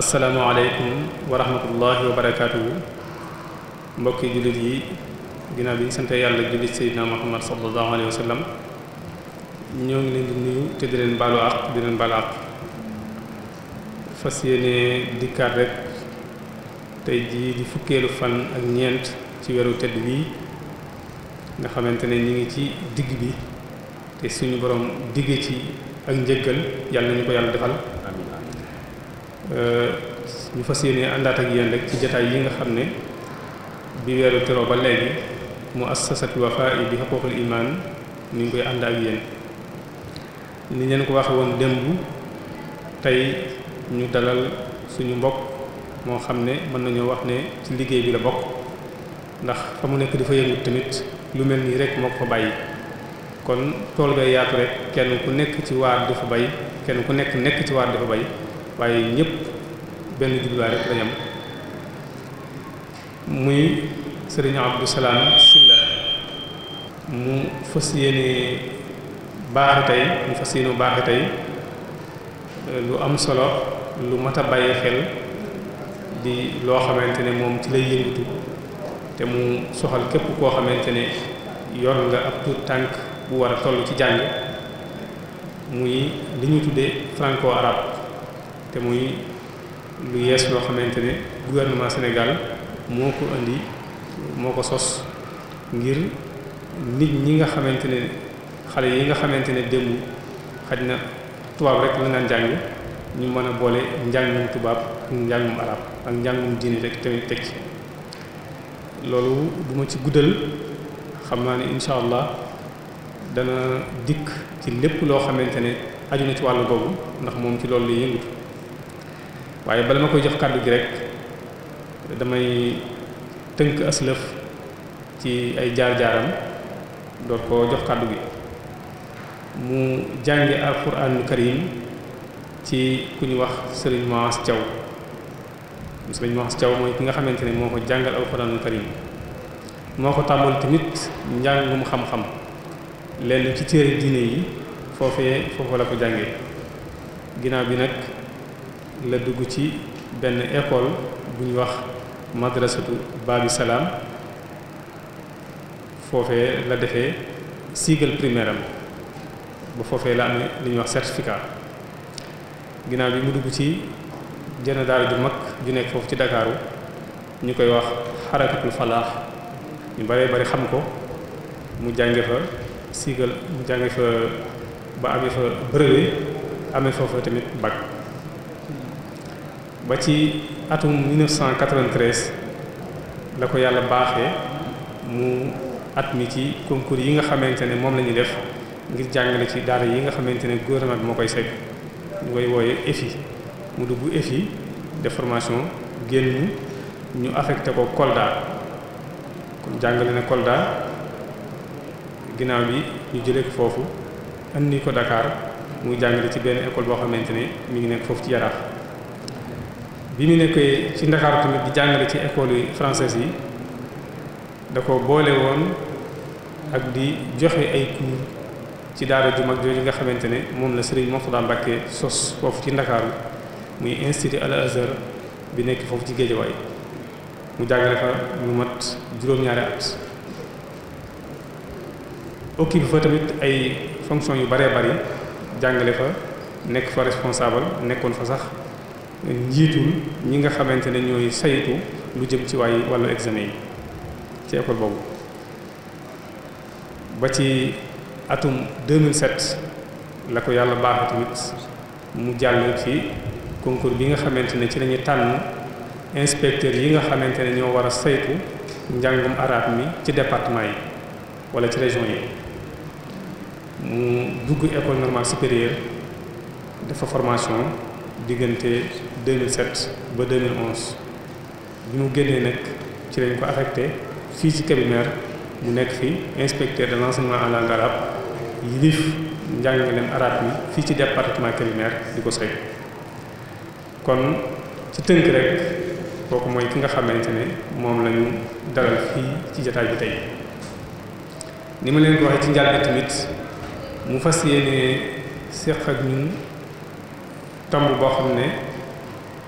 asalaamaaleykum wa rahmatullahi wa barakaatuhu mbokki jullit yi ginaar bi ñu sante yàlla jullit sayyidina muhammad sallallahu alayhi wa sallam ñoo ngi leen di nuyu te di leen baalu àq di leen baalu àq fas yéene dikkaat rek tey jii di fukkeelu fan ak ñeent ci weeru tëdd bii nga xamante ne ñu ngi ci digg bi te suñu boroom digg ci ak njëggal yàlla nañu ko yàlla defal ñu fas yéene àndaat ak yéen rek ci jataay yi nga xam ne bi weeru teroo ba léegi mu assasatu Wafa bi xaququl iman ni ngi koy ànd ak yéen ni leen ko waxe woon démb tey ñu dalal suñu mbokk moo xam ne mën nañoo wax ne ci liggéey bi la bokk ndax fa mu nekk dafa yëngu tamit lu mel nii rek moo ko fa bàyyi kon tool ga yaatu rek kenn ku nekk ci waar dafa bay kenn ku nekk nekk ci waar dafa bay waaye ñëpp benn jubluwaay rek lañ muy sëriñ Abdou Salaam Silla mu fas yéene baaxe tey mu fas yéene baaxe tey euh, lu am solo lu mat a bàyyi xel di loo xamante ne moom ci lay yëngatu te mu soxal képp koo xamante ne yor nga ab tuut tànk bu war a toll ci jàng muy li ñu tuddee franco arabe te muy lu yees loo xamante ne gouvernement Sénégal moo ko indi moo ko sos ngir nit ñi nga xamante ne xale yi nga xamante ne démb xaj na tubaab rek la naan jàng ñu mën a boole njàngum tubaab ak njàngum arab ak njàngum diine rek tamit teg ci loolu du ci guddal xam naa ne incha allah dana dikk ci lépp loo xamante ne aju na ci wàll boobu ndax moom ci loolu lay yëngatu waaye bala ma koy jox kàddu gi rek damay tënk aslëf ci ay jaar-jaaram door ko jox kàddu gi mu jànge alxuraanul karim ci ku ñu wax sëriñ Maas Thiaw sëriñ Maas Thiaw mooy ki nga xamante ne moo ko jàngal alxuraanul karim moo ko tàmbali tamit njàngum xam-xam lenn ci téere diine yi foofee foofu la ko jànge ginnaaw bi nag la dugg ci benn école bu ñu wax madrasatu Babi Salaam foofee la defee cycle primaire am ba foofee la amee li ñuy wax certificat ginnaaw bi mu dugg ci jënn daal ju mag ju nekk foofu ci Ndakaaru ñu koy wax xarakatul falaax ñu bëree bëri xam ko mu jànge fa cycle mu jànge fa ba amee fa brevet amee foofa tamit bac ba ci atum 1993 la ko yàlla baaxee mu at mi ci concours yi nga xamante ne moom la ñu def ngir jàngale ci daara yi nga xamante ne gouvernement bi moo koy segg ñu koy wooye EFI mu dugg EFI de formation génn ñu affecté ko Kolda kon jàngale na Kolda ginnaaw bi ñu jëlee ko foofu andi ko Dakar muy jàngale ci benn école boo xamante ne mi ngi nekk foofu ci Yaraax bi mu nekkee ci Ndakaaru tamit di jàngale ci école yi française yi da ko boole woon ak di joxe ay cours ci daara ju mag jooju nga xamante ne moom la Serigne Mourtada Mbacké sos foofu ci Ndakaaru muy institut Al Azhar bi nekk foofu ci Guédiawaye mu jàngale fa lu mat juróom-ñaari at bi fa tamit ay fonctions yu baree bari jàngale fa nekk fa responsable nekkoon fa sax njiitul ñi nga xamante ne ñooy saytu lu jëm ci waay walla examen yi ci école boobu ba ci atum 2007 la ko yàlla baaxee tamit mu jàll ci concours bi nga xamante ne ci lañuy tànn inspecteur yi nga xamante ne ñoo war a saytu njàngum araab mi ci département yi wala ci région yi mu dugg école normale supérieure dafa formation diggante 2007 ba 2011 bi mu génnee nag ci lañ ko affecté fii ci Kébémer mu nekk fi inspecteur de l'enseignement en langue arabe yilif njàngaleem arabe mi fii ci département Kébémer di ko sëy kon ci tënk rek kooku mooy ki nga xamante ni moom lañu ñu dalal fii ci jataay bi tey ni ma leen ko waxee ci njàlbe tamit mu fas yéene seq ak tomb boo xam ne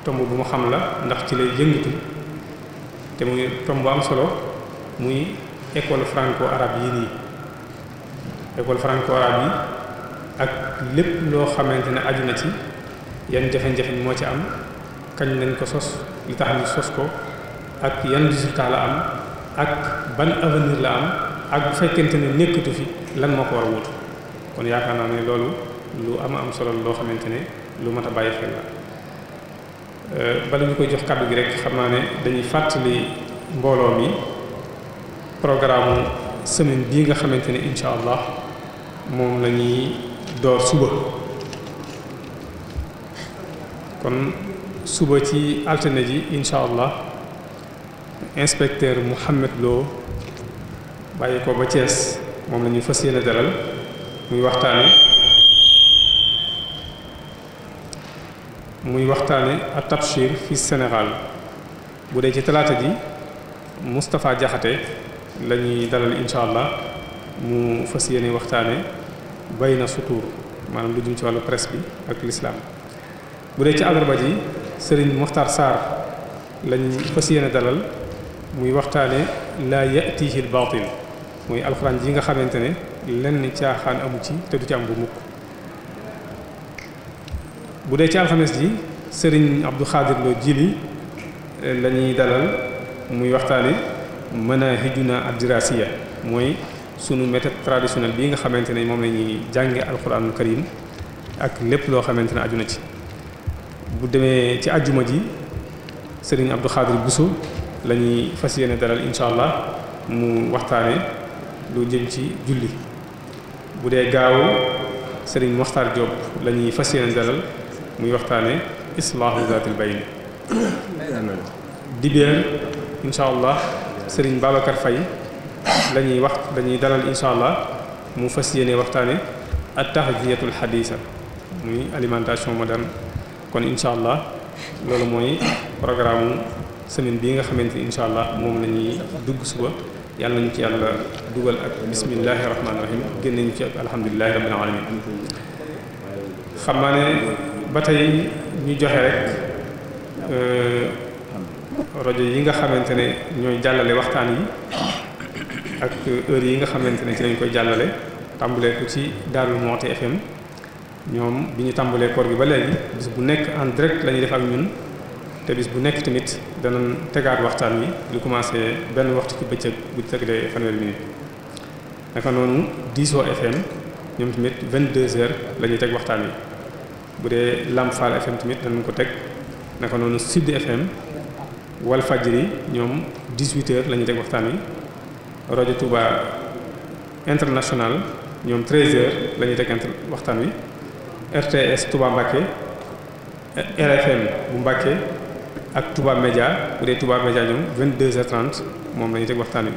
tomb bu ma xam la ndax ci lay yëngatu te muy tomb bu am solo muy école franco arab yi nii école franco arabe yi ak lépp loo xamante ne aju na ci yan jafe-jafe moo ci am kañ lañ ko sos li tax ñu sos ko ak yan résultat la am ak ban avenir la am ak bu fekkente ne nekkatu fi lan moo ko war a wuutu kon yaakaar naa ne loolu lu am am solo loo xamante ne lu mat a bàyyi la Euh, bala ñu koy jox kàddu gi rek xam naa ne dañuy fàttali mbooloo mi programme semaine bii nga xamante ne incha allah moom la ñuy door suba kon suba ci altine ji incha allah mu Mouhamed Lo bàyyi ko ba Thiès moom la ñuy fas yéene dalal muy waxtaane muy waxtaane ak tabshir fi Sénégal bu dee ci talaata ji Moustapha Jaxate la ñuy dalal incha allah mu fas yéene waxtaane bay na sutuur maanaam lu jëm ci wàllu presse bi ak lislaam bu dee ci àllarba ji Serigne Mokhtar Sarr lañ fas yéene dalal muy waxtaane laa yatihi l baatil muy alxuraan ji nga xamante ne lenn caaxaan amu ci te du ci am bu mukk bu dee ci alxames ji sëriñ Abdou Khadir Lo Jili eh, la ñuy dalal muy waxtaane manahijuna ad-dirasiya mooy sunu méthode traditionnelle bii nga xamante ne moom la ñuy jànge alxuraanul karim ak lépp loo xamante ne aju na ci bu demee ci ajjuma ji sëriñ Abdou Khadir Bousso la ñuy fas yéene dalal incha allah mu waxtaane lu jëm ci julli bu dee gaaw sëriñ Moxtaar Diop la ñuy fas yéene dalal muy waxtaane islaahu zaatil bayn dibeer incha allah sëriñ Babacar fay la wax dañuy dalal incha allah mu fas yéene waxtaane at tahziyatul xadiisa muy alimentation moderne kon incha allah loolu mooy programme semaine bii nga xamante ni incha allah moom la ñuy dugg suba yàlla ñu ci yàlla dugal ak bismillahi rahmaani rahim génn nañu ci ak alhamdulilahi rabbil alamin xam naa ne ba tey ñu joxe rek euh, rajo yi nga xamante ne ñooy jàllale waxtaan yi ak heure yi nga xamante ne ci lañ koy jàllale tàmbalee ko ci Darou Moukhty FM ñoom bi ñu tàmbalee koor gi ba léegi bis bu nekk en direct lañuy ñuy def ak ñun te bis bu nekk tamit danañ tegaat waxtaan wi lu commencé benn waxtu ci bëccëg bu tëglee fanweeri mii naka noonu Diso FM ñoom tamit vingt 22 heures la ñuy teg waxtaan wi. bu dee Lamp Fall FM tamit danañ ko teg naka noonu Sud FM Walf Fadjri ñoom 18h la ñuy teg waxtaan wi rajo Touba international ñoom 13h la ñuy teg waxtaan wi RTS Touba Mbacké RFM bu Mbacké ak Touba Média bu dee Touba Média ñoom 22 moom la ñuy teg waxtaan wi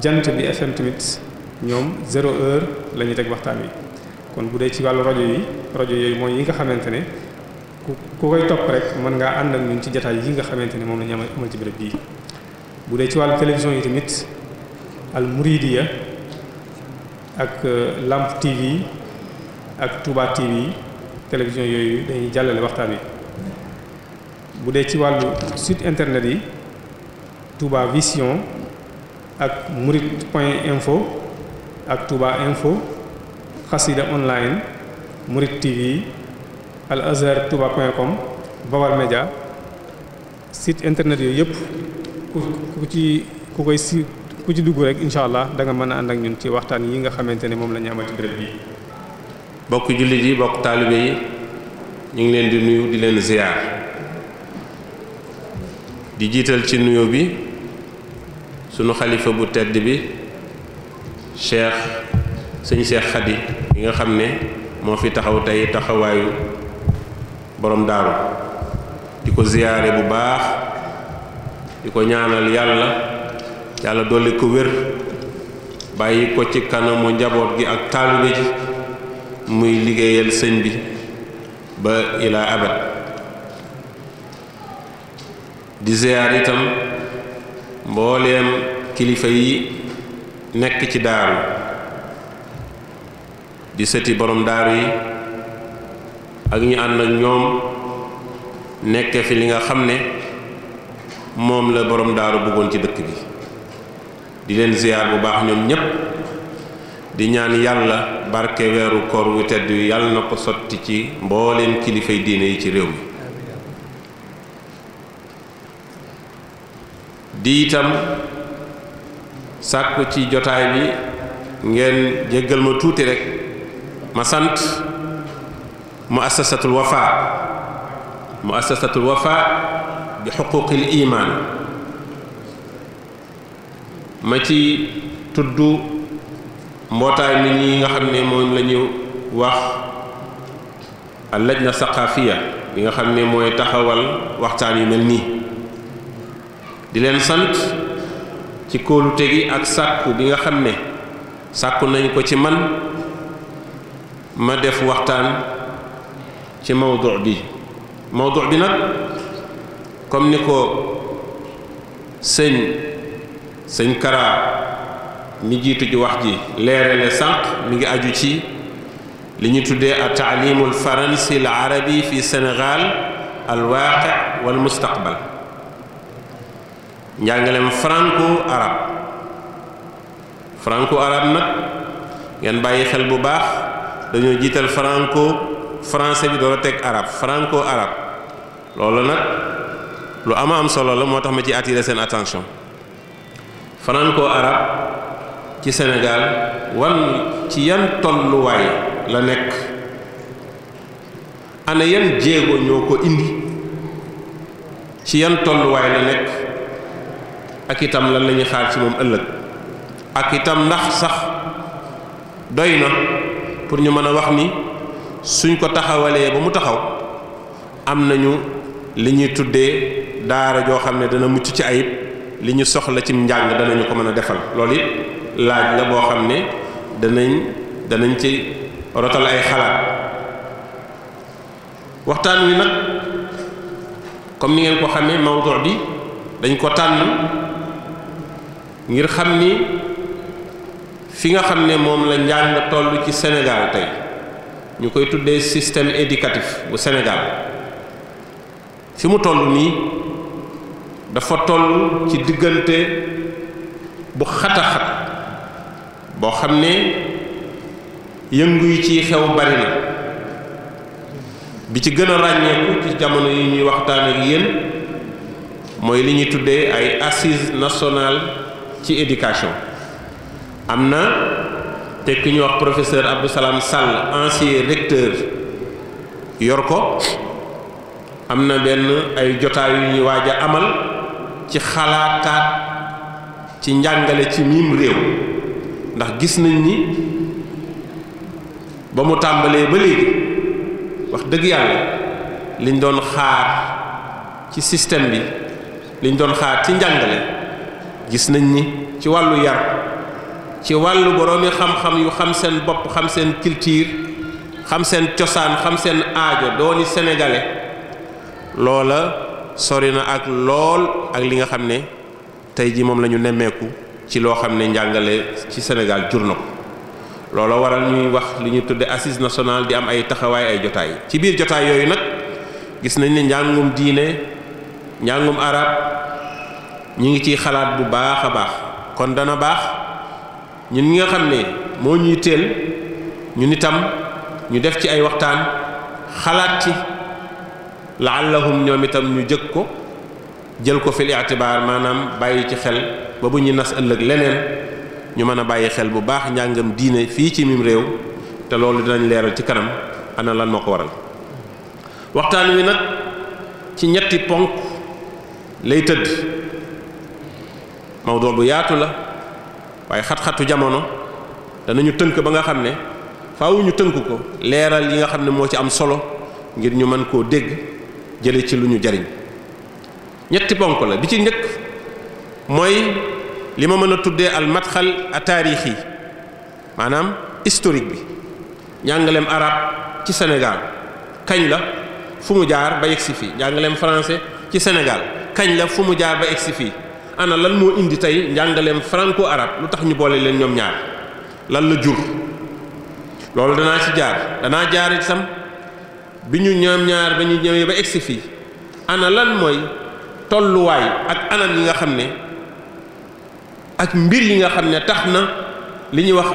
jant bi FM tamit ñoom 0h lañuy teg waxtaan wi. kon bu dee ci wàllu rajo yi rajo yooyu mooy yi nga xamante ne ku ku koy topp rek mën ngaa ànd ak ñun ci jataay yi nga xamante ne moom la ñu amal ci béréb bii bu dee ci wàllu télévision yi tamit al muridiya ak euh, lamp tv ak touba tv télévision yooyu dañuy jàllale waxtaan wi bu dee ci wàllu site internet yi touba vision ak murid point info ak touba info xasida online Murid TV Al Azhar Touba point com Baol Média site internet yooyu yëpp ku ku ci ku koy si ku ci dugg rek incha allah da nga mën a ànd ak ñun ci waxtaan yi nga xamante ne moom la ñu amal bi. bokk jullit yi bokk taalibe yi ñu ngi leen di nuyu di leen ziar di jiital ci nuyo bi sunu xalifa bu tedd bi cheikh. sëñ Cheikh Khady yi nga xam ne moo fi taxaw tey taxawaayu boroom daaru di ko ziyaare bu baax di ko ñaanal yàlla yàlla dolli ko wér bàyyi ko ci kanamu njaboot gi ak taalibe ji muy liggéeyal sëñ bi ba ilaa abad di ziyaar itam mbooleem kilifa yi nekk ci daaru di sëti borom daaru yi ak ñu ànd ak ñoom nekk fi li nga xam ne moom la borom daaru bëggoon ci dëkk bi di leen ziyaar bu baax ñoom ñépp di ñaan yàlla barke weeru koor wu tedd wi yàlla na ko sotti ci mbooleen kilifay diine yi ci réew mi di itam sàkku ci jotaay bi ngeen jéggal ma tuuti rekk ma sant mu assasatul wafa mu assasatul wafa bi xuquqil iman ma ci tudd mbootaay nit ñi nga xam ne moom lañu ñu wax al lajna saqafiya bi nga xam ne mooy taxawal waxtaan yu mel nii di leen sant ci kóolute gi ak sàkku bi nga xam ne sàkku nañu ko ci man ma def waxtaan ci mawdu bi mawdu bi nag comme ni ko sëñ sëñ Kara mi jiitu ci wax ji leerale sànq mu ngi aju ci li ñu tuddee a taalimul faransi la arabi fi Sénégal al waaqi wal mustaqbal njàngaleem franco arab franco arab nag ngeen bàyyi xel bu baax dañoo jiital franco français bi doora teg arab franco arab loolu nag lu ama am solo la moo tax ma ci attirer seen attention franco arab ci senegal wan ci yan tolluwaay la nekk ana yan jéego ñoo ko indi ci yan tolluwaay la nekk ak itam lan la ñuy xaar ci moom ëllëg ak itam ndax sax doy na pour ñu mën a wax ni suñ ko taxawalee ba mu taxaw am nañu li ñuy tuddee daara joo xam ne dana mucc ci ayib li ñu soxla cim njàng danañu ko mën a defal loolu it laaj la boo xam ne danañ danañ ci rotal ay xalaat waxtaan wi nag comme ni ngeen ko xamee mawdu bi dañ ko tànn ngir xam ni fi nga xam ne moom la njàng toll ci Sénégal tey ñu koy tuddee système éducatif bu Sénégal fi mu toll nii dafa toll ci diggante bu xataxat boo xam ne yëngu yi ciy xew bari na bi ci gën a ràññeeku ci jamono yi ñuy waxtaan ak yéen mooy li ñuy tuddee ay assises nationales ci éducation am na te ki ñu wax professeur Abdou Salam Sall ancien recteur yor ko am na benn ay jotaay yu waaja amal ci xalaataat ci njàngale ci miim réew ndax gis nañ ni ba mu tàmbalee ba léegi wax dëgg yàlla liñ doon xaar ci système bi liñ doon xaar ci njàngale gis nañ ni ci wàllu yar ci wàllu boroomi xam-xam yu xam seen bopp xam seen culture xam seen cosaan xam seen aajo dooni sénégalais loola sori na ak lool ak li nga xam ne tey ji moom lañu nemmeeku ci loo xam ne njàngale ci Sénégal jur na ko loola waral ñuy wax li ñu tudde assise nationale di am ay taxawaay ay jotaay ci biir jotaay yooyu nag gis nañ ni njàngum diine njàngum arab ñu ngi ciy xalaat bu baax a baax kon dana baax ñun ñi nga xam ne moo ñuy teel ñun itam ñu def ci ay waxtaan xalaat ci laallahum ñoom itam ñu jëkk ko jël ko fil itibaar maanaam bàyyi ci xel ba bu ñu nas ëllëg leneen ñu mën a bàyyi xel bu baax njàngam diine fii ci mim réew te loolu dinañ leeral ci kanam ana lan moo ko waral waxtaan wi nag ci ñetti ponk lay tëdd mawdu bu yaatu la waaye xat-xatu jamono danañu tënk ba nga xam ne faaw ñu tënk ko leeral yi nga xam ne moo ci am solo ngir ñu mën koo dégg jële ci lu ñu jariñ ñetti ponk la bi ci njëkk mooy li ma mën a tuddee al madxal a taarix yi maanaam historique bi njàngaleem arab ci Sénégal kañ la fu mu jaar ba yegsi fii njàngaleem français ci Sénégal kañ la fu mu jaar ba yegsi fii ana lan moo indi tey njàngaleem franco arabe lu tax ñu boole leen ñoom ñaar lan la jur loolu danaa ci jaar danaa jaar sam bi ñu ñoom ñaar ba ñu ñëwee ba egsi fii ana lan mooy tolluwaay ak anam yi nga xam ne ak mbir yi nga xam ne tax na li ñuy wax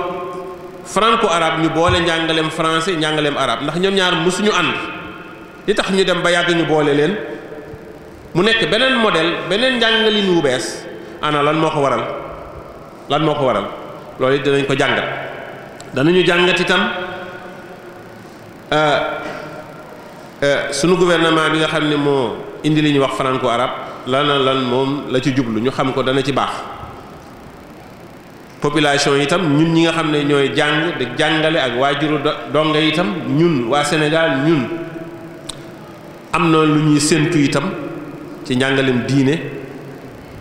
franco arabe ñu boole njàngaleem français njàngaleem arab ndax ñoom ñaar mësuñu ànd li tax ñu dem ba yàgg ñu boole leen mu nekk beneen model beneen njàngalin wu bees ana lan moo ko waral lan moo ko waral loolu it danañ ko jàngat danañu jàngat itam euh, euh, sunu gouvernement bi nga xam ne moo indi li ñuy wax franco arab lana lan moom la ci jublu ñu xam ko dana ci baax population itam ñun ñi nga xam ne ñooy jàng di jàngale ak waajuru donga itam ñun waa Sénégal ñun am na lu ñuy séntu itam ci njàngaleem diine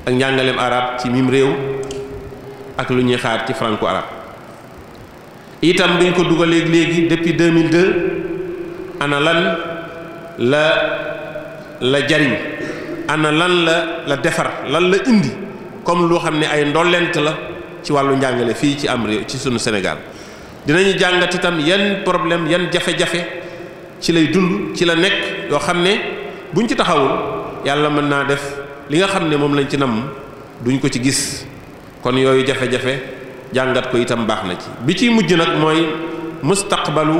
ak njàngaleem arab ci mim réew ak lu ñuy xaar ci franco arabe itam bi ko dugalee léegi depuis 2002 ana lan la la jariñ ana lan la la defar lan la indi comme loo xam ne ay ndollent la ci wàllu njàngale fii ci am réew ci sunu Sénégal dinañu jàngat itam yan problème yan jafe-jafe ci lay dund ci la nekk yoo xam ne buñ ci taxawul yàlla mën naa def li nga xam ne moom lañ ci nam duñ ko ci gis kon yooyu jafe-jafe jàngat ko itam baax na ci bi ci mujj nag mooy mustaqbalu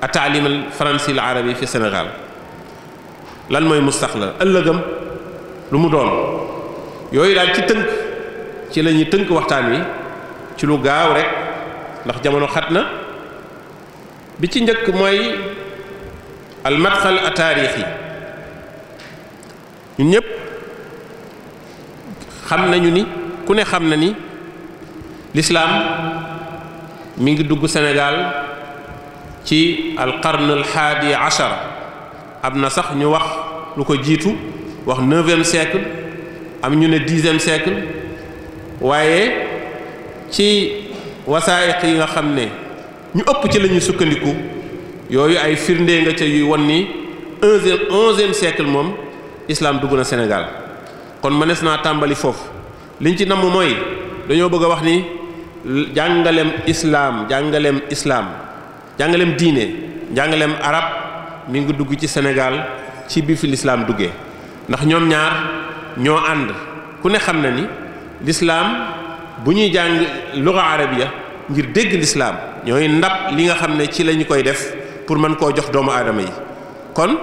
a taalim al la al arabi fi senegal lan mooy mustaqbal ëllëgam lu mu doon yooyu daal ci tënk ci la ñuy tënk waxtaan wi ci lu gaaw rek ndax jamono xat na bi ci njëkk mooy al madxal a taarixi ñun ñëpp xam nañu ni ku ne xam na ni lislaam mi ngi dugg senegaal ci alqarn alxaadi achara am na sax ñu wax lu ko jiitu wax neuvième siècle am ñu ne dixième siècle waaye ci wasaayiq yi nga xam ne ñu ëpp ci lañuy sukkandiku yooyu ay firnde nga ca yuy won ni onzième onzième siècle moom islaam dugg na Sénégal kon mënees naa tàmbali foofu liñ ci namm mooy dañoo bëgg a wax ni jàngaleem islaam jàngaleem islaam jàngaleem diine jàngaleem arab mu ngi dugg ci Sénégal ci bi fi lislaam duggee ndax ñoom ñaar ñoo ànd ku ne xam na ni lislaam bu ñuy jàng luga arabiya ngir dégg lislaam ñooy ndab li nga xam ne ci lañu koy def pour mën koo jox doomu aadama yi kon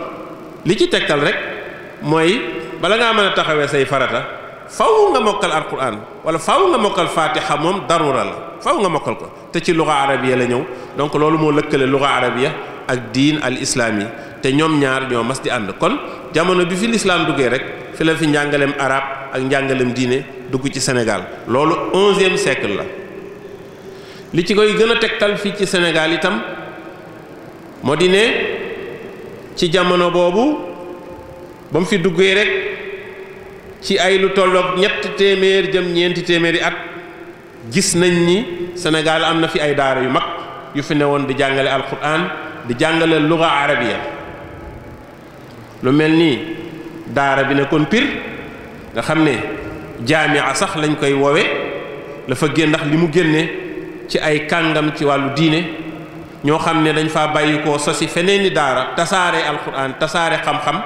li ci tegtal rekk mooy bala ngaa mën a taxawee say farata faw nga mokkal alquran wala faw nga mokkal fatiha moom darura la faw nga mokkal ko te ci luga arabiya la ñëw donc loolu moo lëkkale luga arabiya ak diin al islaam yi te ñoom ñaar ñoo mas di ànd kon jamono bi fi lislaam duggee rek fi la fi njàngaleem arab ak njàngaleem diine dugg ci senegal loolu onzième siècle la li ci koy gën a tegtal fii ci senegal itam moo di ci jamono boobu ba mu fi duggee rek ci ay lu tolloog ñetti téeméer jëm ñeenti téeméeri at gis nañ ni senegal am na fi ay daara yu mag yu fi newoon di jàngale alquran di jàngale luga arabiya lu mel ni daara bi nekkoon Pire nga xam ne jaamia sax lañ koy woowe la fa génn ndax li mu génne ci ay kàngam ci wàllu diine ñoo xam ne dañ fa bàyyi koo sosi feneeni daara tasaare alquran tasaare xam-xam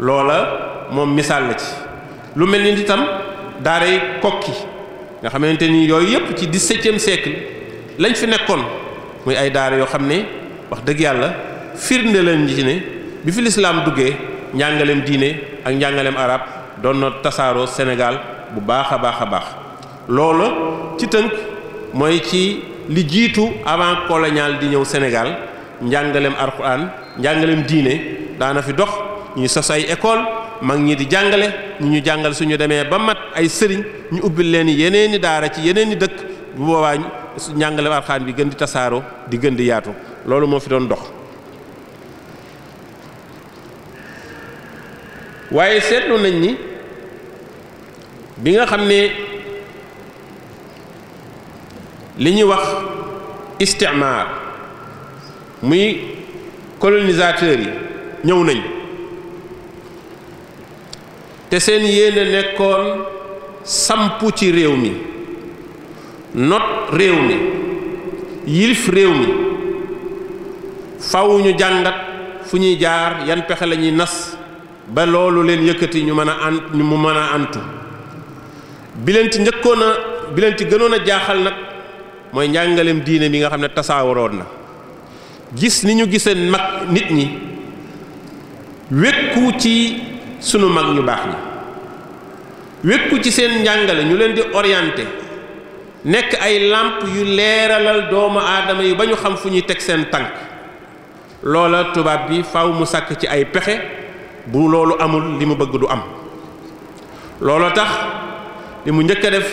loola moom misaal la ci lu mel ni itam daaray kokki nga xamante ni yooyu yëpp ci dix-septième siècle lañ fi nekkoon muy ay daara yoo xam ne wax dëgg yàlla firnde leen ci ne bi fi lislaam duggee njàngaleem diine ak njàngaleem arab doon na tasaaroo Sénégal bu baax a baax a baax loola ci tënk mooy ci li jiitu avant colonial di ñëw Sénégal njàngaleem alxuraan njàngaleem diine daana fi dox ñuy sos ay école mag ñi di jàngale ñu ñu jàngal suñu demee ba mat ay sëriñ ñu ubbil leen yeneen i daara ci yeneen i dëkk bu boobaa njàngale alxuraan bi gën di tasaaroo di gën di yaatu loolu moo fi doon dox waaye seetlu nañ ni bi nga xam ne li ñuy wax istimaar muy colonisateur yi ñëw nañ te seen yéene nekkoon sampu ci réew mi not réew mi yilif réew mi fawuñu jàngat fu ñuy jaar yan pexe lañuy nas ba loolu leen yëkkati ñu mën a an mu mën a antu bi leen ci njëkkoon a bi leen ci gënoon a jaaxal nag mooy njàngaleem diine mi nga xam ne tasaawaroon na gis ni ñu giseen mag nit ñi wékku ci sunu mag ñu baax ñi wékku ci seen njàngale ñu leen di orienté nekk ay làmp yu leeralal doomu aadama yi ba ñu xam fu ñuy teg seen tànk loola tubaab bi faw mu sàkk ci ay pexe bu loolu amul li mu bëgg du am looloo tax li mu njëkk a def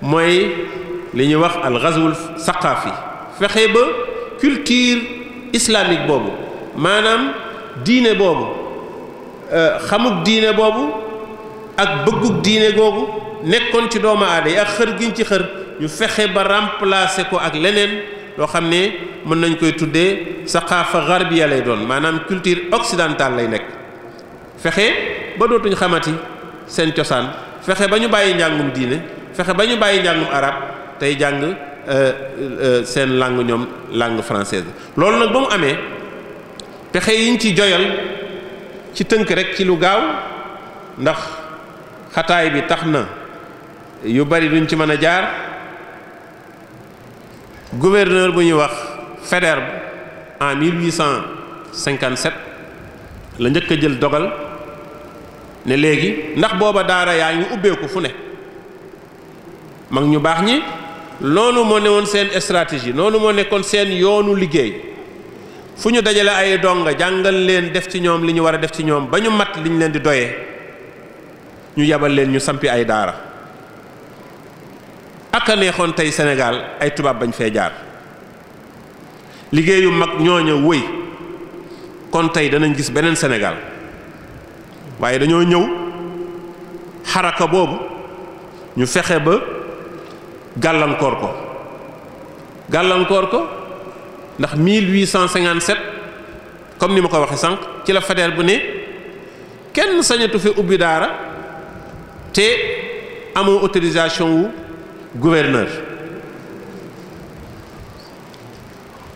mooy li ñuy wax al ghazwul saqaafi fexe ba culture islamique boobu maanaam diine boobu Euh, xamuk diine boobu ak bëgguk diine googu nekkoon ci doomu aada yi ak xër giñ ci xër ñu fexe ba remplacer ko ak leneen loo xam ne mën nañ koy tuddee saqaafa garbiya lay doon maanaam culture occidentale lay nekk fexe ba dootuñ xamati seen cosaan fexe ba ñu bàyyi njàngum diine fexe ba ñu bàyyi njàngum arab tey jàng euh, euh, seen langue ñoom langue française loolu nag ba mu amee pexe yiñ ci joyal ci tënk rek ci lu gaaw ndax xataay bi tax na yu bari duñ ci mën a jaar gouverneur bu ñuy wax Faidherbe en 1857 la njëkk a jël dogal ne léegi ndax booba daara yaa ngi ubbeeku fu ne mag ñu baax ñi loolu moo ne woon seen stratégie loolu moo nekkoon seen yoonu liggéey fu ñu dajale ay donga jàngal leen def ci ñoom li ñu war a def ci ñoom ba ñu mat li ñu leen di doyee ñu yebal leen ñu sampi ay daara ak neexoon tey senegaal ay tubaab bañ fee jaar liggéeyu mag ñooña wëy kon tey danañ gis beneen senegaal waaye dañoo ñëw xaraka boobu ñu fexe ba gàllankoor ko gàllankoor ko ndax 1857 comme ni ma ko waxee sànq ci la fadeer bu ne kenn sañatu fi ubbi daara te amoo autorisation wu gouverneur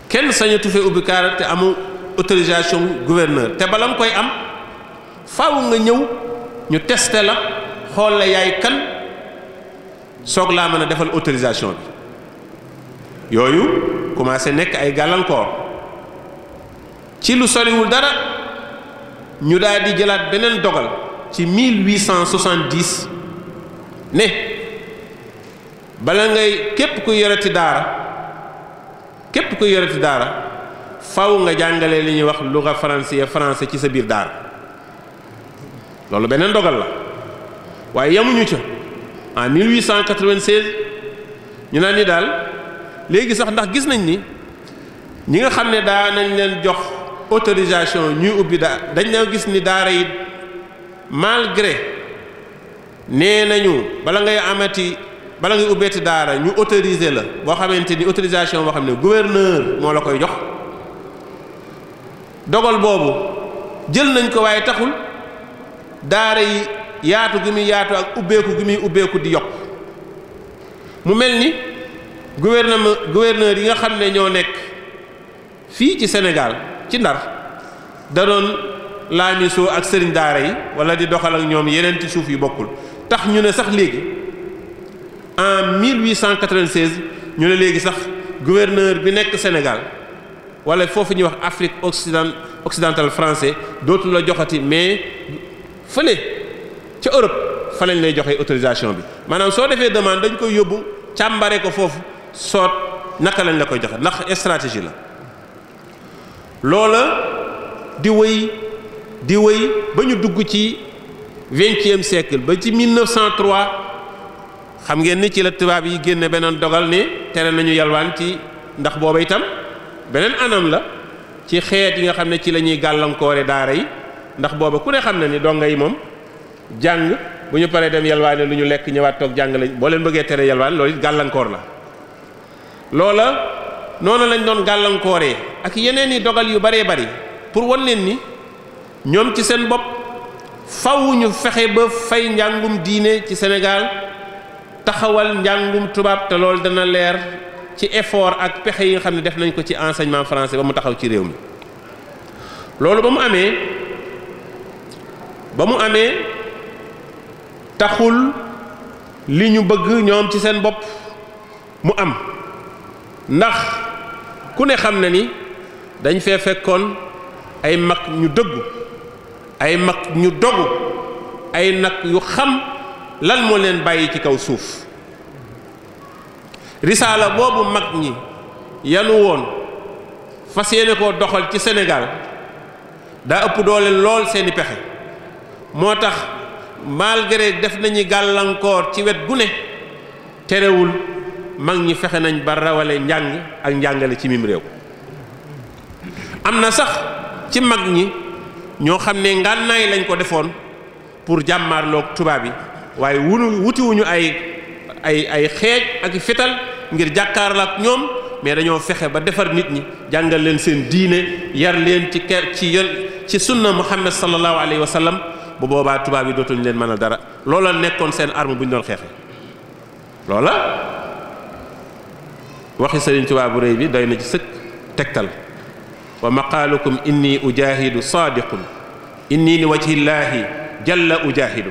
kenn sañatu fi ubbi kaara te amoo autorisation gouverneur te bala nga koy am faw nga ñëw ñu teste la xool la yaay kan soog laa mën a defal autorisation bi yooyu. commencé nekk ay gàllankoor ci lu soriwul dara ñu daal di jëlaat beneen dogal ci 1870 ne bala ngay képp ku yoreti daara képp ku yoreti daara faw nga jàngale li ñuy wax luga français ya français ci sa biir daara loolu beneen dogal la waaye yamuñu ca en ñu naan ni daal. léegi sax ndax gis nañ ni ñi nga xam ne daa nañ leen jox autorisation ñuy ubbi daa dañ na gis ni daara yi malgré nee nañu bala ngay amati bala ngay ubbeeti daara ñu autoriser la boo xamante ni autorisation boo xam ne gouverneur moo la koy jox dogal boobu jël nañ ko waaye taxul daara yi yaatu gi muy yaatu ak ubbeeku gi muy ubbeeku di yokk mu mel ni gouvernement gouverneur yi nga xam ne ñoo nekk fii ci Sénégal ci Ndar da doon laamisoo ak sëriñ daara yi wala di doxal ak ñoom yeneen ci suuf yu bokkul tax ñu ne sax léegi en 1896 ñu ne léegi sax gouverneur bi nekk Sénégal wala foofu ñuy wax Afrique occident occidentale français dootu la joxati mais fële ca Europe fa lañ lay joxe autorisation bi maanaam soo defee demande dañ koy yóbbu càmbare ko foofu. soot naka lañ la koy joxe ndax stratégie la loola di wëy di wëy ba ñu dugg ci vingtième siècle ba ci 1903 xam ngeen ni ci la tubaab yi génne beneen dogal ni tere nañu yalwaan ci ndax booba itam beneen anam la ci xeet yi nga xam ne ci la ñuy gàllankoore daara yi ndax booba ku ne xam na ni donga yi moom jàng bu ñu paree dem yalwaane lu ñu lekk ñëwaat toog jàng lañ boo leen bëggee tere yalwaan loolu it gàllankoor la loola noona lañ doon gàllankooree ak yeneen i dogal yu baree bari pour wan leen ni ñoom ci seen bopp faw ñu fexe ba fay njàngum diine ci Sénégal taxawal njàngum tubaab te loolu dana leer ci effort ak pexe yi xam ne def nañ ko ci enseignement français ba mu taxaw ci réew mi loolu ba mu amee ba mu amee taxul li ñu bëgg ñoom ci seen bopp mu am ndax ku ne xam ne ni dañ fee fekkoon ay mag ñu dëggu ay mag ñu dogu ay nag yu xam lan moo leen bàyyi ci kaw suuf risaala boobu mag ñi yanu woon fas yéene ko doxal ci senegaal daa ëpp doole lool seeni pexe moo tax malgré def nañu gàllankoor ci wet gu ne terewul mag ñi fexe nañ ba rawale njàng ak njàngale ci mim réew am na sax ci mag ñi ñoo xam ne ngànnaay lañ ko defoon pour jàmmaarloog tubaab yi waaye wunu wutiwuñu ay ay ay xeej ak fital ngir jàkkaarloo ak ñoom mais dañoo fexe ba defar nit ñi jàngal leen seen diine yar leen ci ker ci yon ci sunna muhammad sallallahu alayhi wa sallam bu boobaa tubaab yi dootuñu leen mën a dara loola nekkoon seen arme bu ñu doon xeexe loola waxi Sëriñ Tuubaa bu réy bi day na ci sëkk tegtal wa maqaalukum inni ujaahidu saadiqun inni li wajhillaahi jalla ujaahidu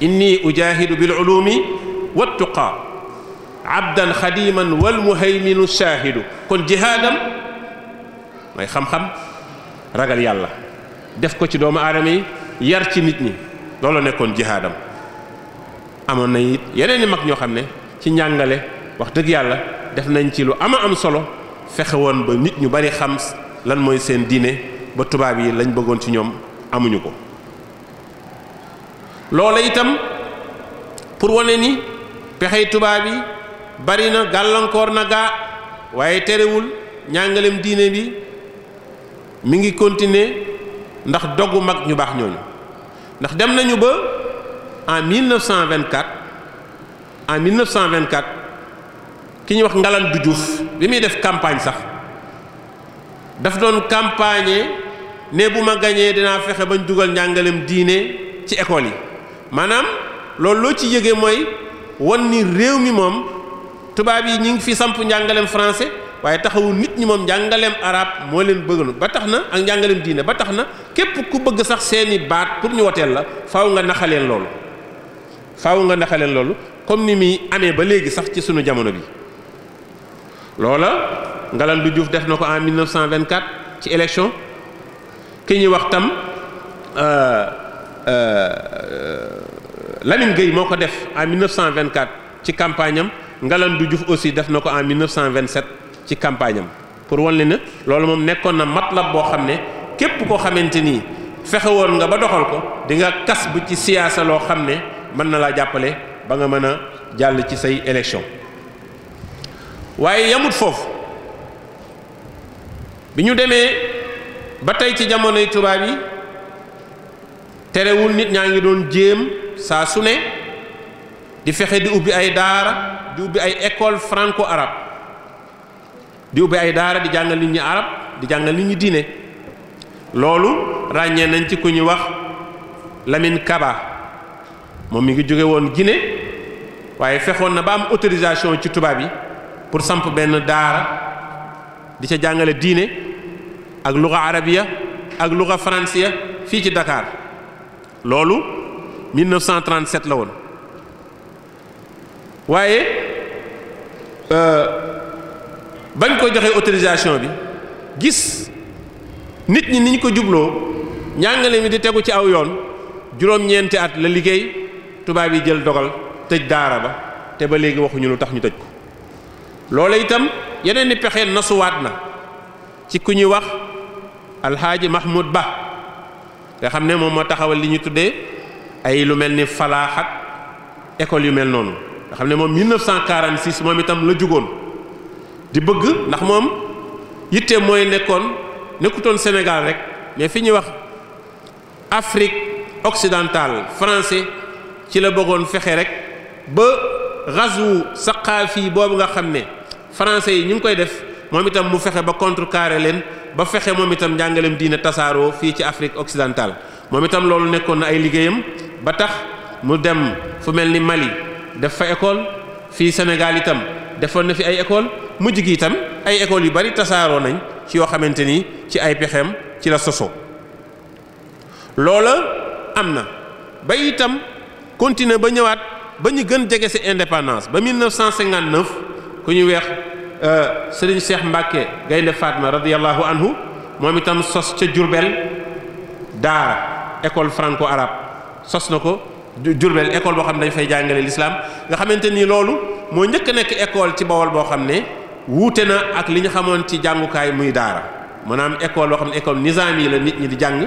inni ujaahidu bil ulumi wattuqaa abdan xadiman wal muhayminu shaahidu kon jihaadam mooy xam-xam ragal yàlla def ko ci doomu aadama yi yar ci nit ñi loolu nekkoon jihaadam amoon na it yeneen i mag ñoo xam ne ci njàngale wax dëgg yàlla def nañ ci lu ama am solo fexe woon ba nit ñu bari xam lan mooy seen diine ba tubaab yi lañ bëggoon ci ñoom amuñu ko loola itam pour wane ni pexey tubaab yi bari na gàllankoor na gaa waaye terewul ñàngaleem diine bi mi ngi continuer ndax dogu mag ñu baax ñooñu ndax dem nañu ba en 1924 en 1924 ki ñuy wax Ngalandou Diouf bi muy def campagne sax daf doon campagne ne bu ma gañee dinaa fexe bañ jugal njàngaleem diine ci école yi maanaam loolu loo ci yëgee mooy wan ni réew mi moom tubaab yi ñu ngi fi samp njàngaleem français waaye taxawul nit ñi moom njàngaleem arab moo leen bëgg ba tax na ak njàngaleem diine ba tax na képp ku bëgg sax seeni baat pour ñu woteel la faaw nga naxaleen loolu faaw nga naxaleen loolu comme ni muy amee ba léegi sax ci sunu jamono bi loola Ngalandou juuf def na ko en 1924 ci élection ki ñuy wax tam euh, euh, Lamine Gueye moo ko def en 1924 ci campagne am Ngalandou Diouf aussi def na ko en 1927 ci campagne pour wan le ne loolu moom nekkoon na matlab boo xam ne képp koo xamante ni fexe woon nga ba doxal ko di kas bu ci siyaasa loo xam ne mën na laa jàppale ba nga mën a jàll ci say élection waaye yamut foofu bi ñu demee ba tey ci jamonoy tubaab yi terewul nit ñaa ngi doon jéem saa su ne di fexe di ubbi ay daara di ubbi ay école franco arabe di ubbi ay daara di jàngal nit ñi arab di jàngal nit ñi diine loolu ràññee nañ ci ku ñuy wax Lamine Kaba moom mi ngi jóge woon Guinée waaye fexoon na ba am autorisation ci tubaab yi pour samp benn daara di ca jàngale diine ak luga arabiya ak luga faransiya fii ci dakaar loolu 1937 la woon waaye euh, bañ ko joxee autorisation bi gis nit ñi niñ ko jubloo njàngale mi di tegu ci aw yoon juróom-ñeenti at la liggéey tubaab yi jël dogal tëj daara ba te ba léegi waxuñu lu tax ñu tëj ko loola itam yeneen i pexe nasuwaat na ci ku ñuy wax alxaaji mahmoud ba nga xam ne moom moo taxawal li ñu tuddee ay lu mel ni falaax ak école yu mel noonu nga xam ne moom 1946 moom itam la jógoon di bëgg ndax moom yitte mooy nekkoon nekkutoon senegal rek mais fi ñuy wax Afrique occidentale français ci la bëggoon fexe rek ba ghazwu fii boobu nga xam ne français yi ñu ngi koy def moom itam mu fexe ba contre contrecarrer leen ba fexe moom itam njàngaleem diine tasaaroo fii ci Afrique occidentale moom itam loolu nekkoon na ay liggéeyam ba tax mu dem fu mel ni Mali def fa école fii Sénégal itam defoon na fi ay école mujj gi itam ay écoles yu bari tasaaroo nañ ci yoo xamante ni ci ay pexeem ci la soso loola am na ba itam continuer ba ñëwaat. ba ñu gën jege si indépendance ba 1959 ku ñu weex euh, sëriñ Cheikh Mbacke Gaynde Fatma radiyallahu anhu moom itam sos ca Jurbel daara école franco arabe sos na ko Jurbel école boo xam ne dañ fay jàngalee lislaam nga xamante ni loolu moo njëkk nekk école ci Bawol boo xam ne wuute na ak li ñu xamoon ci jàngukaay muy daara maanaam école boo xam ne école nizaam yi la nit ñi di jàng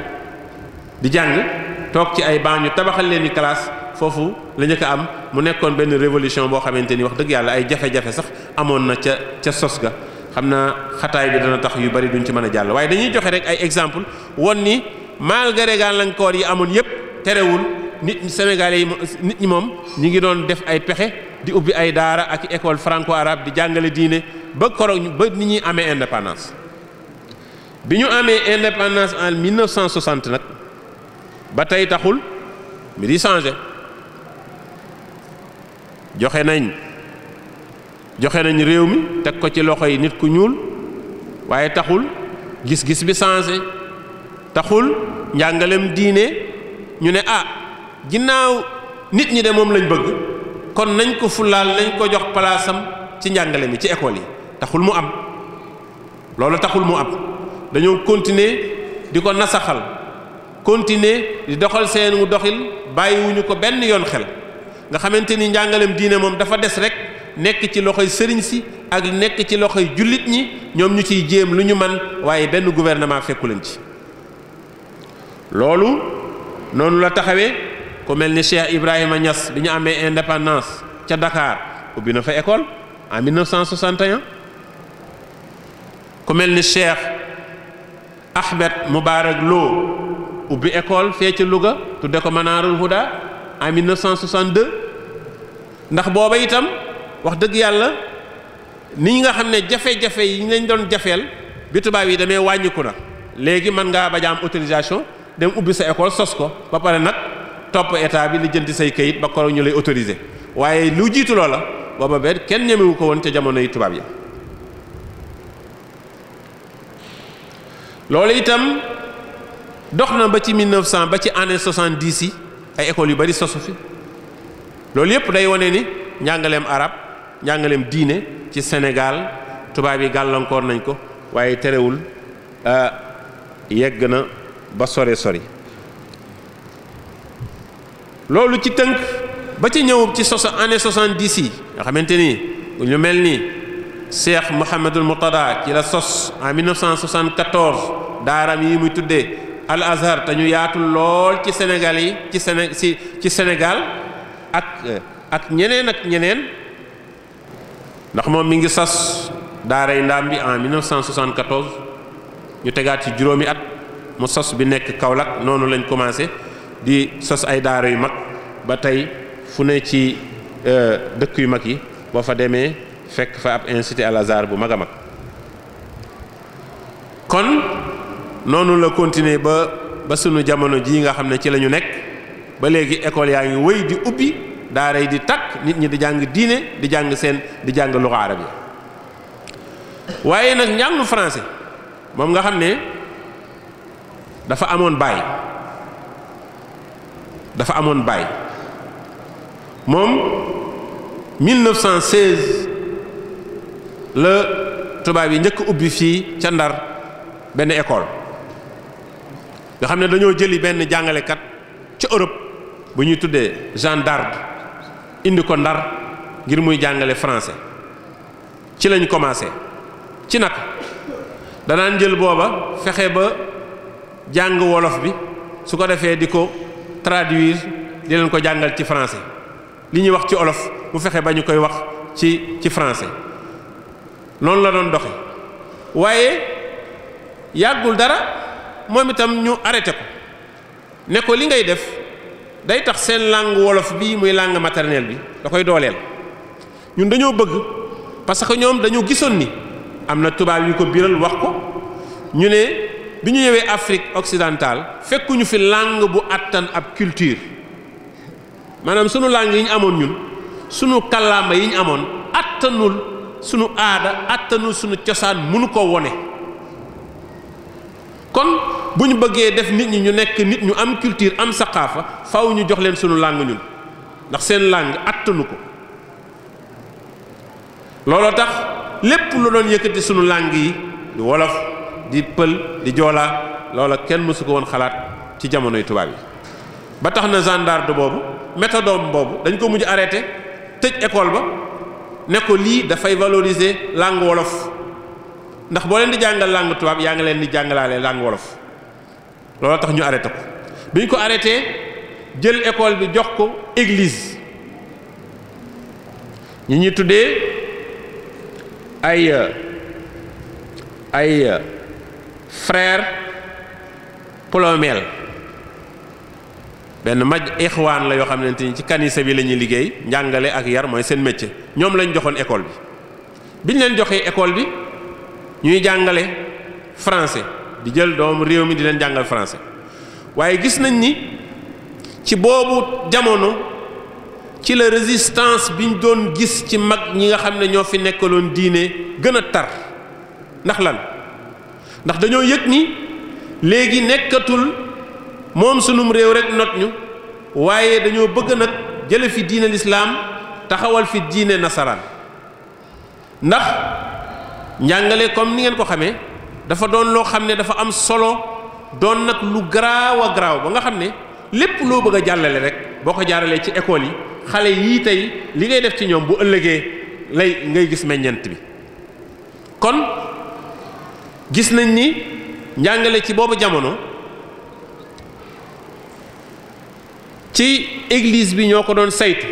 di jàng toog ci ay banc tabaxal leen ni classe. foofu la njëkk a am mu nekkoon benn révolution boo xamante ni wax dëgg yàlla ay jafe-jafe sax amoon na ca ca sos ga xam na xataay bi dana tax yu bari duñ ci mën a jàll waaye dañuy joxe rek ay exemple won ni malgré gàllankoor yi amoon yépp terewul nit Sénégalais yi nit ñi moom ñi ngi doon def ay pexe di ubbi ay daara ak école franco arabe di jàngale diine ba koroog ba nit ñuy amee indépendance bi ñu amee indépendance en 1960 nag ba tey taxul mi di changé joxe nañ joxe nañ réew mi teg ko ci loxo yi nit ku ñuul waaye taxul gis-gis bi changé taxul njàngalem diine ñu ne ah ginnaaw nit ñi de moom lañ bëgg kon nañ ko fulaal nañ ko jox palaasam ci njàngale mi ci école yi taxul mu am loolu taxul mu am dañoo continuer di ko nasaxal continuer di doxal seenu doxil bàyyiwuñu ko benn yoon xel nga xamante ni njàngaleem diine moom dafa des rek nekk ci loxoy sëriñ si ak nekk ci loxoy jullit ñi ñoom ñu ciy jéem lu ñu man waaye benn gouvernement fekku leen ci loolu noonu la taxawee ku mel ni Cheikh Ibrahima ñas bi ñu amee indépendance ca dakaar ubbi na fa école en 1961 ku mel ni Cheikh Ahmed Moubarak loo ubbi école fee ci Louga tudde ko Manaarul Huda en 1962 ndax booba itam wax dëgg yàlla ni nga xam ne jafe-jafe yi ñu lañ doon jafeel bi tubaab yi demee wàññiku na léegi mën ngaa ba am autorisation dem ubbi sa école sos ko ba pare nag topp état bi li jënti say kayit ba ko ñu lay autorisé waaye lu jiitu loola booba benn kenn ñemewu ko woon ca jamono yi tubaab yi loolu itam dox na ba ci 1900 ba ci année 70 yi ay écoles yu bari sosu fi loolu yëpp day wane ni njàngaleem arab njàngaleem diine ci senegal tubaab yi gàllankoor nañ ko waaye terewul euh, yegg na ba sore sori loolu ci tënk ba ci ñëw ci soso année soixante-dix yi nga xamante ni ñu mel ni Cheikh Mouhamadul Moutada ci la sos en 1974 daaram yi muy tuddee al azhar te ñu yaatu lool ci Sénégal yi ci Séné si ci Sénégal ak ak ñeneen ak ñeneen ndax moom mi ngi sas daaray ndaam bi en 1974 ñu tegaat ci juróomi at mu sos bi nekk Kaolack noonu lañ commencé di sos ay daara yu mag ba tey fu ne ci euh, dëkk yu mag yi boo fa demee fekk fa ab institut al azhar bu mag a mag kon noonu la continuer ba ba sunu jamono ji nga xam ne ci la ñu nekk ba léegi école yaa ngi wéy di ubbi daara yi di takk nit ñi di jàng diine di jàng seen di jàng luxa arab yi waaye nag njàngu français moom nga xam ne dafa amoon baay dafa amoon baay moom 1916 la tubaab yi njëkk ubbi fii ca Ndar benn école nga xam ne dañoo jëli benn jàngalekat ci Europe bu ñuy tuddee Jean indi ko Ndar ngir muy jàngale français ci lañ commencé ci nag danaan jël booba fexe ba jàng wolof bi su ko defee di ko traduire di leen ko jàngal ci français li ñuy wax ci olof mu fexe ba ñu koy wax ci ci français noonu la doon doxe waaye yàggul dara moom itam ñu arrêté ko ne ko li ngay def day tax seen langue wolof bii muy langue maternelle bi da koy dooleel ñun dañoo bëgg parce que ñoom dañu gisoon ni am na tubaab yu ko biral wax ko ñu ne bi ñu ñëwee Afrique occidentale fekkuñu fi langue bu àttan ab culture maanaam suñu langue yi amoon ñun suñu kàllaama yi ñu amoon attanul suñu aada attanul sunu cosaan mënu ko wone kon bu ñu bëggee def nit ñi ñu nekk nit ñu am culture am saqaafa faw ñu jox leen sunu làng ñun ndax seen làng attanu ko looloo tax lépp lu doon yëkkati sunu làng yi di wolof di pël di joolaa loola kenn mësu ko woon xalaat ci jamonoy tubaab yi ba tax na gendarme boobu méthodome boobu dañ ko mujj arrêté tëj école ba ne ko lii dafay valoriser langue wolof ndax boo leen di jàngal langue tubaab yaa ngi leen di jàngalaale langue wolof looloo tax ñu arrêté ko bi ñu ko arrêté jël école bi jox ko église ñi ñuy tuddee ay ay frère Plomel benn maj ixwaan la yoo xamante ni ci kanisa bi la ñuy liggéey njàngale ak yar mooy seen métier ñoom lañ joxoon école bi biñ leen joxee école bi ñuy jàngale français di jël doomu réew mi di leen jàngal français waaye gis nañ ni ci boobu jamono ci la résistance bi ñu doon gis ci mag ñi nga xam ne ñoo fi nekkaloon diine gën a tar ndax lan ndax dañoo yëg ni léegi nekkatul moom sunum réew rek not ñu waaye dañoo bëgg nag jële fi diine lislaam taxawal fi diine nasaraan ndax njàngale comme ni ngeen ko xamee dafa doon loo xam ne dafa am solo doon nag lu garaaw a garaaw ba nga xam ne lépp loo bëgg a jàllale rek boo ko jaaralee ci école yi xale yii tey li ngay def ci ñoom bu ëllëgee lay ngay gis meññant bi kon gis nañ ni njàngale ci boobu jamono ci église bi ñoo ko doon saytu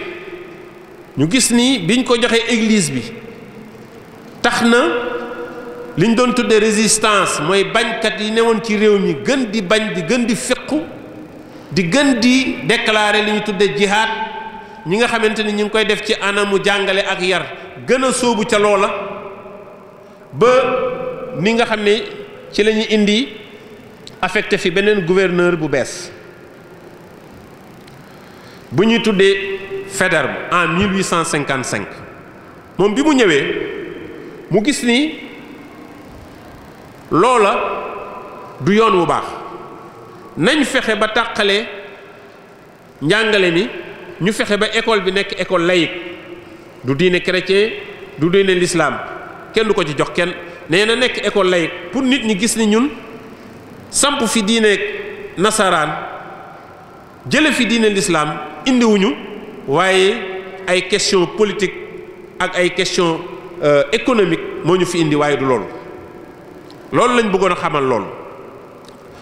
ñu gis ni biñ ko joxee église bi tax na li ñu doon tuddee résistance mooy bañkat yi woon ci réew mi gën di bañ di gën di fiqu di gën di déclarer li ñu tuddee jihaad ñi nga xamante ni ñu ngi koy def ci anamu jàngale ak yar gën a sóobu ca loola ba ni nga xam ne ci la ñu indi affecté fi beneen gouverneur bu bees bu ñuy tuddee Faidherbe en 1855 moom bi mu ñëwee mu gis ni. loola du yoon wu baax nañ fexe ba taqale njàngale mi ñu fexe ba école bi nekk école laïque du diine chrétien du diine lislaam kenn du ko ci jox kenn nee na nekk école laïque pour nit ñi gis ni ñun samp fi diine nasaraan jële fi diine lislaam indiwuñu waaye ay question politique ak ay question euh, économique moo ñu fi indi waaye du loolu loolu lañ bëggoon a xamal loolu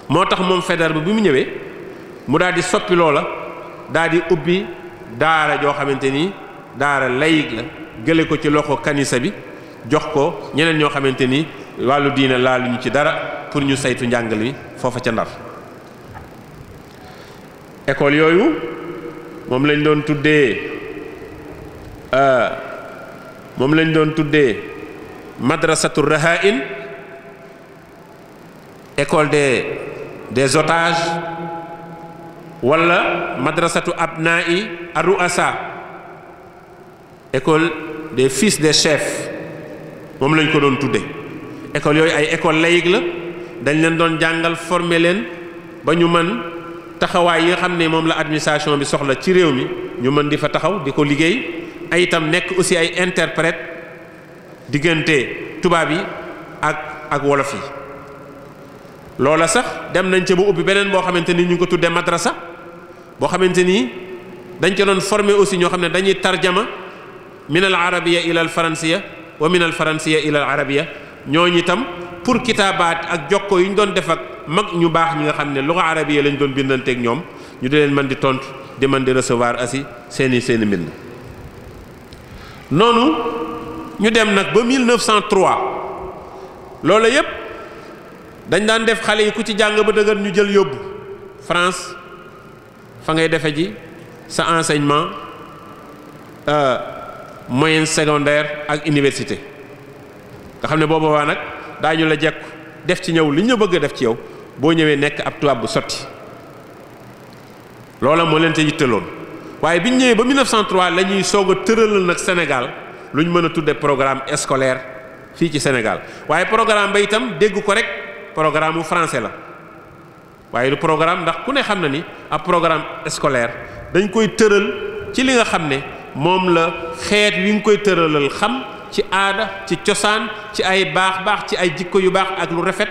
moo tax moom Faidherbe bi bi mu ñëwee mu daal di soppi loola daal ubbi daara joo xamante ni daara laïque la gële ko ci loxo kanisa bi jox ko ñeneen ñoo xamante ni wàllu diina laaluñu ci dara pour ñu saytu njàngal mi foofa ca Ndar école yooyu moom lañ doon tuddee euh, moom lañ doon tuddee madrasatu rahain école des des otages wala madrasatu abnai aruasa école des fils des chef moom lañ ko doon tudde école yooyu ay école laïque la dañ leen doon jàngal former leen ba ñu mën taxawaay yi nga xam ne moom la administration bi soxla ci réew mi ñu mën di fa taxaw di ko liggéey ay itam nekk aussi ay interpret diggante tubaab yi ak ak wolof yi loola sax dem nañ ca ba ubbi beneen boo xamante ni ñu ngi ko tuddee madrasa boo xamante ni dañ ca doon former aussi ñoo xam ne dañuy tarjama min al arabiya ila al faransiya wa min al faransiya ila al arabiya ñooñu itam pour kitaabaat ak jokko yu ñu doon def ak mag ñu baax mi nga xam ne luga arabiya lañ doon bindanteeg ñoom ñu di leen mën di tontu di man di recevoir asi seeni seeni mbind noonu ñu dem nag ba 1903 loola yépp dañ daan def xale yi ku ci jàng ba dëgër ñu jël yóbbu France fa ngay defe ji sa enseignement euh, moyen secondaire ak université nga xam ne booba waa nag daañu la jekku def ci ñëw li ñu bëgg a def ci yow boo ñëwee nekk ab tubaab bu sotti loola moo leen te yitteloon waaye bi ñu ñëwee ba 1903 la ñuy soog a tëralal nag Sénégal lu ñu mën a tudde programme scolaire fii ci Sénégal waaye programme ba itam dégg ko rek programme mu français la waaye du programme ndax ku ne xam na ni ab programme scolaire dañ koy tëral ci li nga xam ne moom la xeet wi nga koy tëralal xam ci aada ci cosaan ci ay baax baax ci ay jikko yu baax ak lu rafet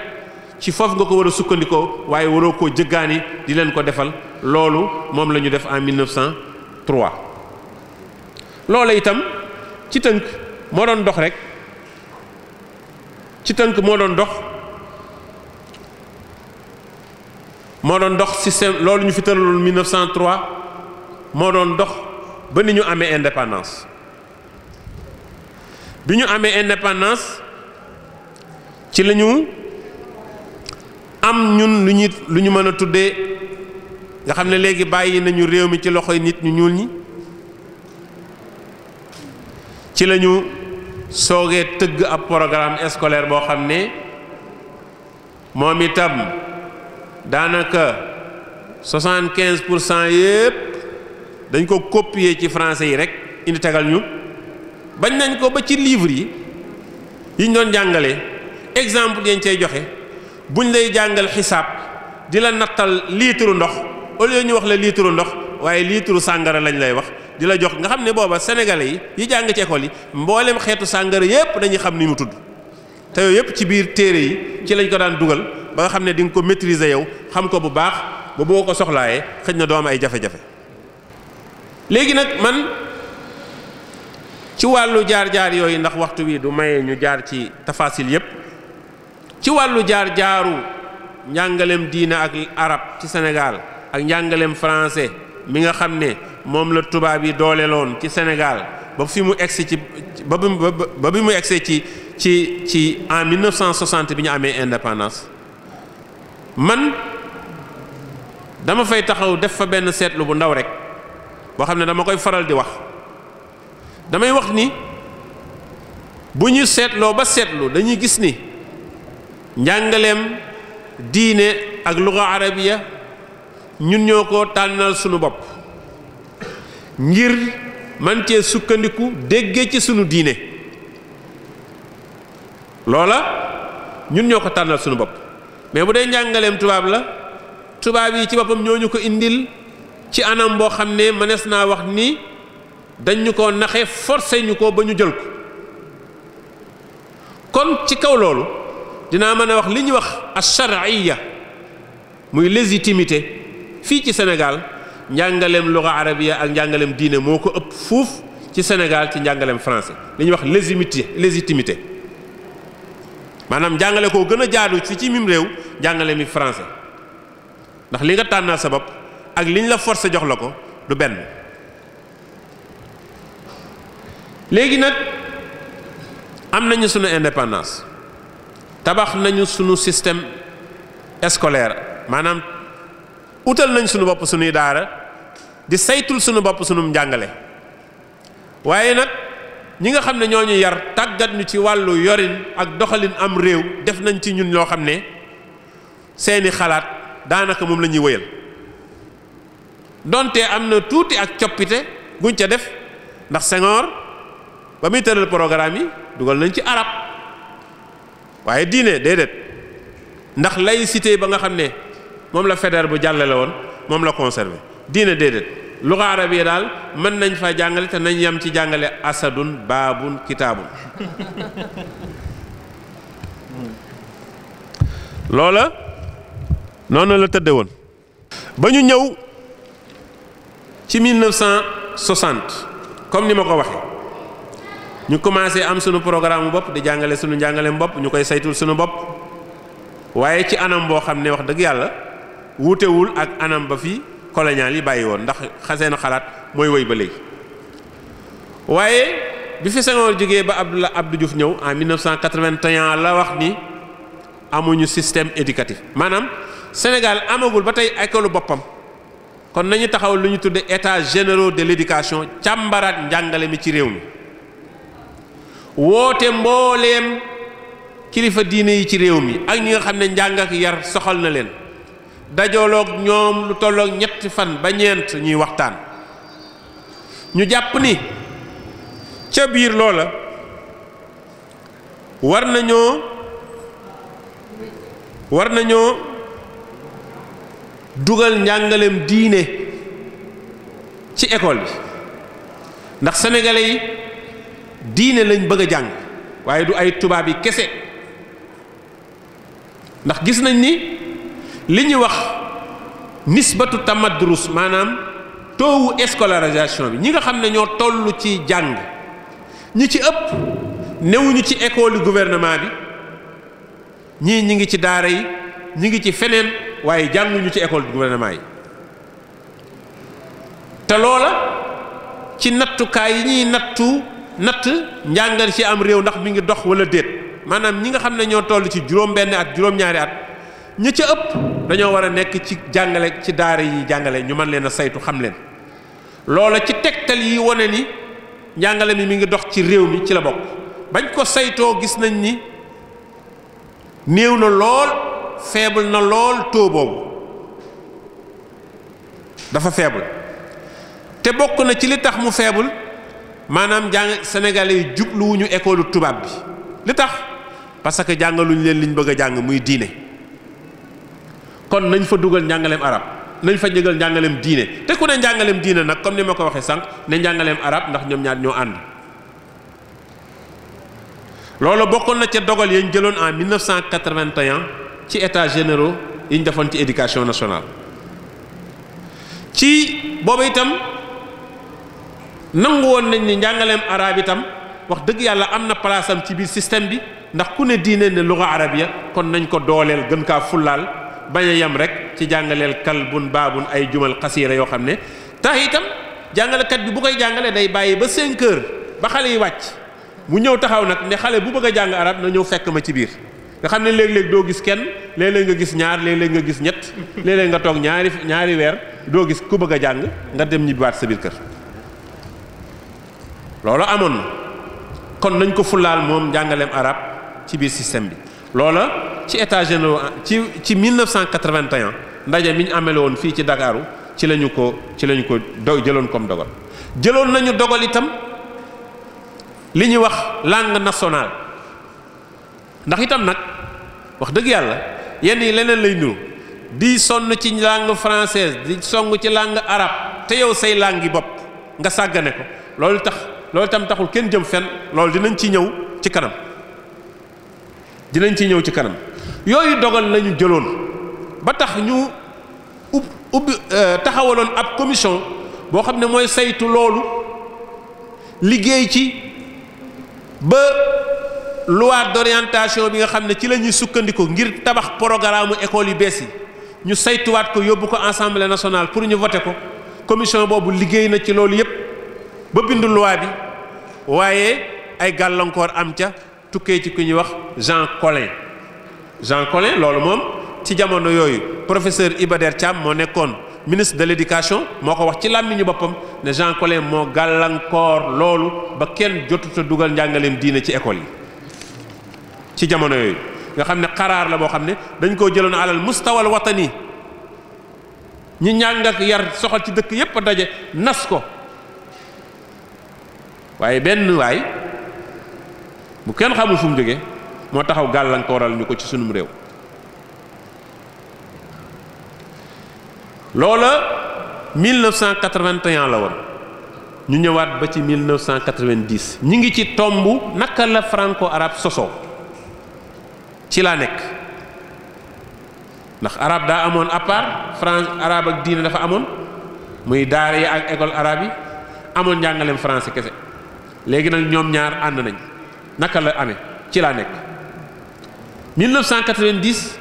ci foofu nga ko war a sukkandikoo waaye waroo koo jëggaani di leen ko defal loolu moom la def en 1903 loolu itam ci tënk moo doon dox rek ci tënk moo doon dox moo doon dox système loolu ñu fi tëraloon 1903 moo doon dox ba ni ñu amee indépendance bi ñu amee indépendance ci lañu am ñun lu ñu mën a tuddee nga xam ne léegi bàyyi nañu réew mi ci loxoy nit ñu ñuul ñi ci la ñu soogee tëgg ab programme scolaire boo xam ne moom itam. daanaka soixante quinze pour cent yëpp dañ ko copier ci français yi rek indi tegal ñu bañ nañ ko ba ci livre yi yiñ doon jàngale exemple yañ cay joxe buñ lay jàngal xisaab di la nattal litre ndox au lieu wax la litre ndox waaye litre sàngara lañ lay wax di la jox nga xam ne booba sénégalais yi yi jàng ci école yi mboolem xeetu sàngara yëpp dañuy xam ni mu tudd te yooyu yëpp ci biir téere yi ci lañ ko daan dugal. ba nga xam ne di nga ko maîtriser yow xam ko bu baax ba boo ko soxlaayee xëj na doo ay jafe-jafe léegi nag man ci wàllu jaar-jaar yooyu ndax waxtu wi du maye ñu jaar ci tafasil yépp ci wàllu jaar-jaaru njàngaleem diina ak arab ci Sénégal ak njàngaleem français mi nga xam ne moom la tubaab yi dooleeloon ci Sénégal ba fi mu egsi ci ba bi mu egsi ci ci ci en 1960 bi ñu amee indépendance man dama fay taxaw def fa benn seetlu bu ndaw rekk boo xam ne dama koy faral di wax damay wax ni bu ñu seetloo ba seetlu dañuy gis ni njàngaleem diine ak luga arabiya ñun ñoo ko tànnal sunu bopp ngir man sukkandiku dégge ci sunu diine loola ñun ñoo ko tànnal sunu bopp mais bu dee njàngaleem tubaab la tubaab yi ci boppam ñoo ñu ko indil ci anam boo xam ne mënees naa wax nii dañ ñu koo naxe forcé ñu ko ba ñu jël ko kon ci kaw loolu dinaa mën a wax li ñuy wax ashar'iyya muy légitimité fii ci Sénégal njàngaleem luga arabiya ak njàngaleem diine moo ko ëpp fuuf ci Sénégal ci njàngaleem français li ñuy wax légitimité légitimité maanaam njàngale koo gën a jaadu ci ci mim réew jàngale mi français ndax li nga tànnal sa bopp ak liñ la forcé jox la ko du benn léegi nag am nañu sunu indépendance tabax nañu sunu système scolaire maanaam utal nañ sunu bopp sunuy daara di saytul sunu bopp sunum jàngale waaye nag ñi nga xam ne ñoo ñu yar tàggat ñu ci wàllu yorin ak doxalin am réew def nañ ci ñun loo xam ne seeni xalaat daanaka moom la ñuy wëyal donte am na tuuti ak coppite guñ ca def ndax Senghor ba muy tëral programme yi dugal nañ ci arab waaye diine déedéet ndax laïcité ba nga xam ne moom la Faidherbe bu jàllale woon moom la conservé diine déedéet luga arab yi daal mën nañ fa jàngale te nañ yam ci jàngale asadun baabun kitaabun loola noonu la tëdde woon ba ñu ñëw ci 1960 comme ni ma ko waxe ñu commencé am sunu programme bopp di jàngale sunu njàngaleem bopp ñu koy saytul sunu bopp waaye ci anam boo xam ne wax dëgg yàlla wuutewul ak anam ba fi colonial yi bàyyi woon ndax xaseen xalaat mooy woy ba léegi waaye bi fi Senghor jógee ba Abdoulaye Abdou Diouf ñëw en 1981 la wax ni amuñu système éducatif maanaam Sénégal amagul ba tey école boppam kon nañu taxaw lu ñu tudde états généraux de l'éducation càmbaraat njàngale mi ci réew mi woote mbooleem kilifa diine yi ci réew mi ak ñi nga xam ne njàng ak yar soxal na leen dajooloog ñoom lu tollook ñetti fan ba ñeent ñuy waxtaan ñu jàpp ni ca biir loola war nañoo war nañoo dugal njàngaleem diine ci école bi ndax sénégalais yi diine lañ bëgg a jàng waaye du ay tubaab yi kese ndax gis nañ ni li ñuy wax nisbatu tamadrus maanaam toowu scolarisation bi ñi nga xam ne ñoo toll ci jàng ñi ci ëpp newuñu ci école gouvernement bi ñii ñi ngi ci daara yi ñi ngi ci feneen waaye jànguñu ci école gouvernement yi te loola ci nattukaay yi ñuy nattu natt njàngal ci am réew ndax mi ngi dox wala déet maanaam ñi nga xam ne ñoo toll ci juróom-benn at juróom-ñaari at ñi ca ëpp dañoo war a nekk ci jàngale ci daara yi jàngale ñu man leen a saytu xam leen loola ci tegtal yi wane ni njàngale mi mi ngi dox ci réew mi ci la bokk bañ ko saytoo gis nañ ni néew na lool. faible na lool taux boobu dafa faible te bokk na ci li tax mu faible maanaam jàng sénégalais yi jubluwuñu école tubaab bi li tax parce que jàngaluñ leen liñ bëgg a jàng muy diine kon nañ fa dugal njàngaleem arab nañ fa jëgal njàngaleem diine te ku ne njàngaleem diine nag comme ni ma ko waxee sànq ne njàngaleem arab ndax ñoom ñaar ñoo ànd loolu bokkoon na ce dogal yañ jëloon en 1981 ci états généraux yi ñu defoon ci éducation nationale ci boobu itam nangu woon nañ ni njàngaleem arab itam wax dëgg yàlla am na place ci biir système bi ndax ku ne diine ne luga ya kon nañ ko dooleel gën kaa fullaal bañ a yem rek ci jàngaleel kal kalbun baabun ay jumal xasiira yoo xam ne tax itam jàngalekat bi bu koy jàngalee day bàyyi ba 5 heures ba xale yi wàcc mu ñëw taxaw nag ne xale bu bëgg a jàng arab na ñëw fekk ma ci biir nga xam ne léegi léeg doo gis kenn léeg nga gis ñaar léeg-léeg nga gis ñett léeg nga toog ñaari ñaari weer doo gis ku bëgg a jàng nga dem ñibbiwaat sa biir kër loolu amoon na kon nañ ko fulaal moom njàngaleem arab ci biir système bi loola ci état général ci ci 1981 ndaje mi ñu amele woon fii ci Dakaaru ci lañu ko ci lañu ko do jëloon comme dogal jëloon nañu dogal itam li ñu wax langue nationale ndax itam nag wax dëgg yàlla yenn yi leneen lay nuru di sonn ci langue française di song ci làng arab te yow say langue yi bopp nga sàggane ko loolu tax loolu tam taxul kenn jëm fenn loolu dinañ ci ñëw ci kanam dinañ ci ñëw ci kanam yooyu dogal lañu jëloon ba tax ñu ub ubbi euh, taxawaloon ab commission boo xam ne mooy saytu loolu liggéey ci ba loi d'orientation bi nga xam ne ci la ñuy sukkandiku ngir tabax programme école yi bees yi ñu saytuwaat ko yóbbu ko assemblée nationale pour ñu voté ko commission boobu liggéey na ci loolu yépp ba bindu loi bi waaye ay gàllankoor am ca tukkee ci ku ñuy wax Jean Collin Jean Collin loolu moom ci jamono yooyu professeur Iba Der Thiam moo nekkoon ministre de l'éducation moo ko wax ci làmmiñu boppam ne Jean Collin moo gàllankoor loolu ba kenn jotuta dugal njàngaleem diine ci école yi ci jamono yooyu nga xam ne xaraar la boo xam ne dañ koo jëloon alal mustawal watani ñi ñàng ak yar soxal ci dëkk yépp a daje nas ko waaye benn waay bu kenn xamul fu mu jógee moo taxaw gàllankooral ñu ko ci sunum réew loola 1981 la woon ñu ñëwaat ba ci 1990 ñu ngi ci tomb naka la franco arabe sosoo ci laa nekk ndax arab daa amoon à part France arabe ak diine dafa amoon muy daar yi ak école arabe yi amoon njàngaleem france kese léegi nag ñoom ñaar ànd nañ naka la ame ci laa nekk 1990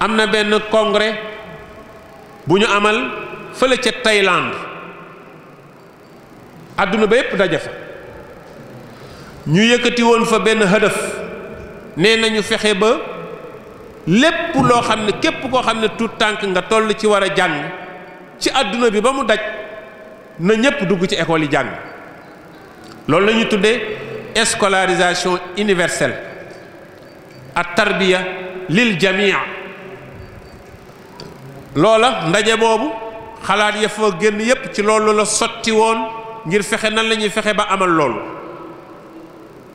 am na benn congrès bu ñu amal fële ca Thaïlande adduna ba yépp daje fa ñu yëkkati woon fa benn hëdëf nee nañu fexe ba lépp loo xam ne képp koo xam ne tuut tànk nga toll ci war a jàng ci àdduna bi ba mu daj na ñépp dugg ci école yi jàng loolu la ñu tuddee scolarisation universelle ak tarbiya lil jamia loola ndaje boobu xalaat ya fa génn yépp ci loolu la sotti woon ngir fexe nan la ñuy fexe ba amal loolu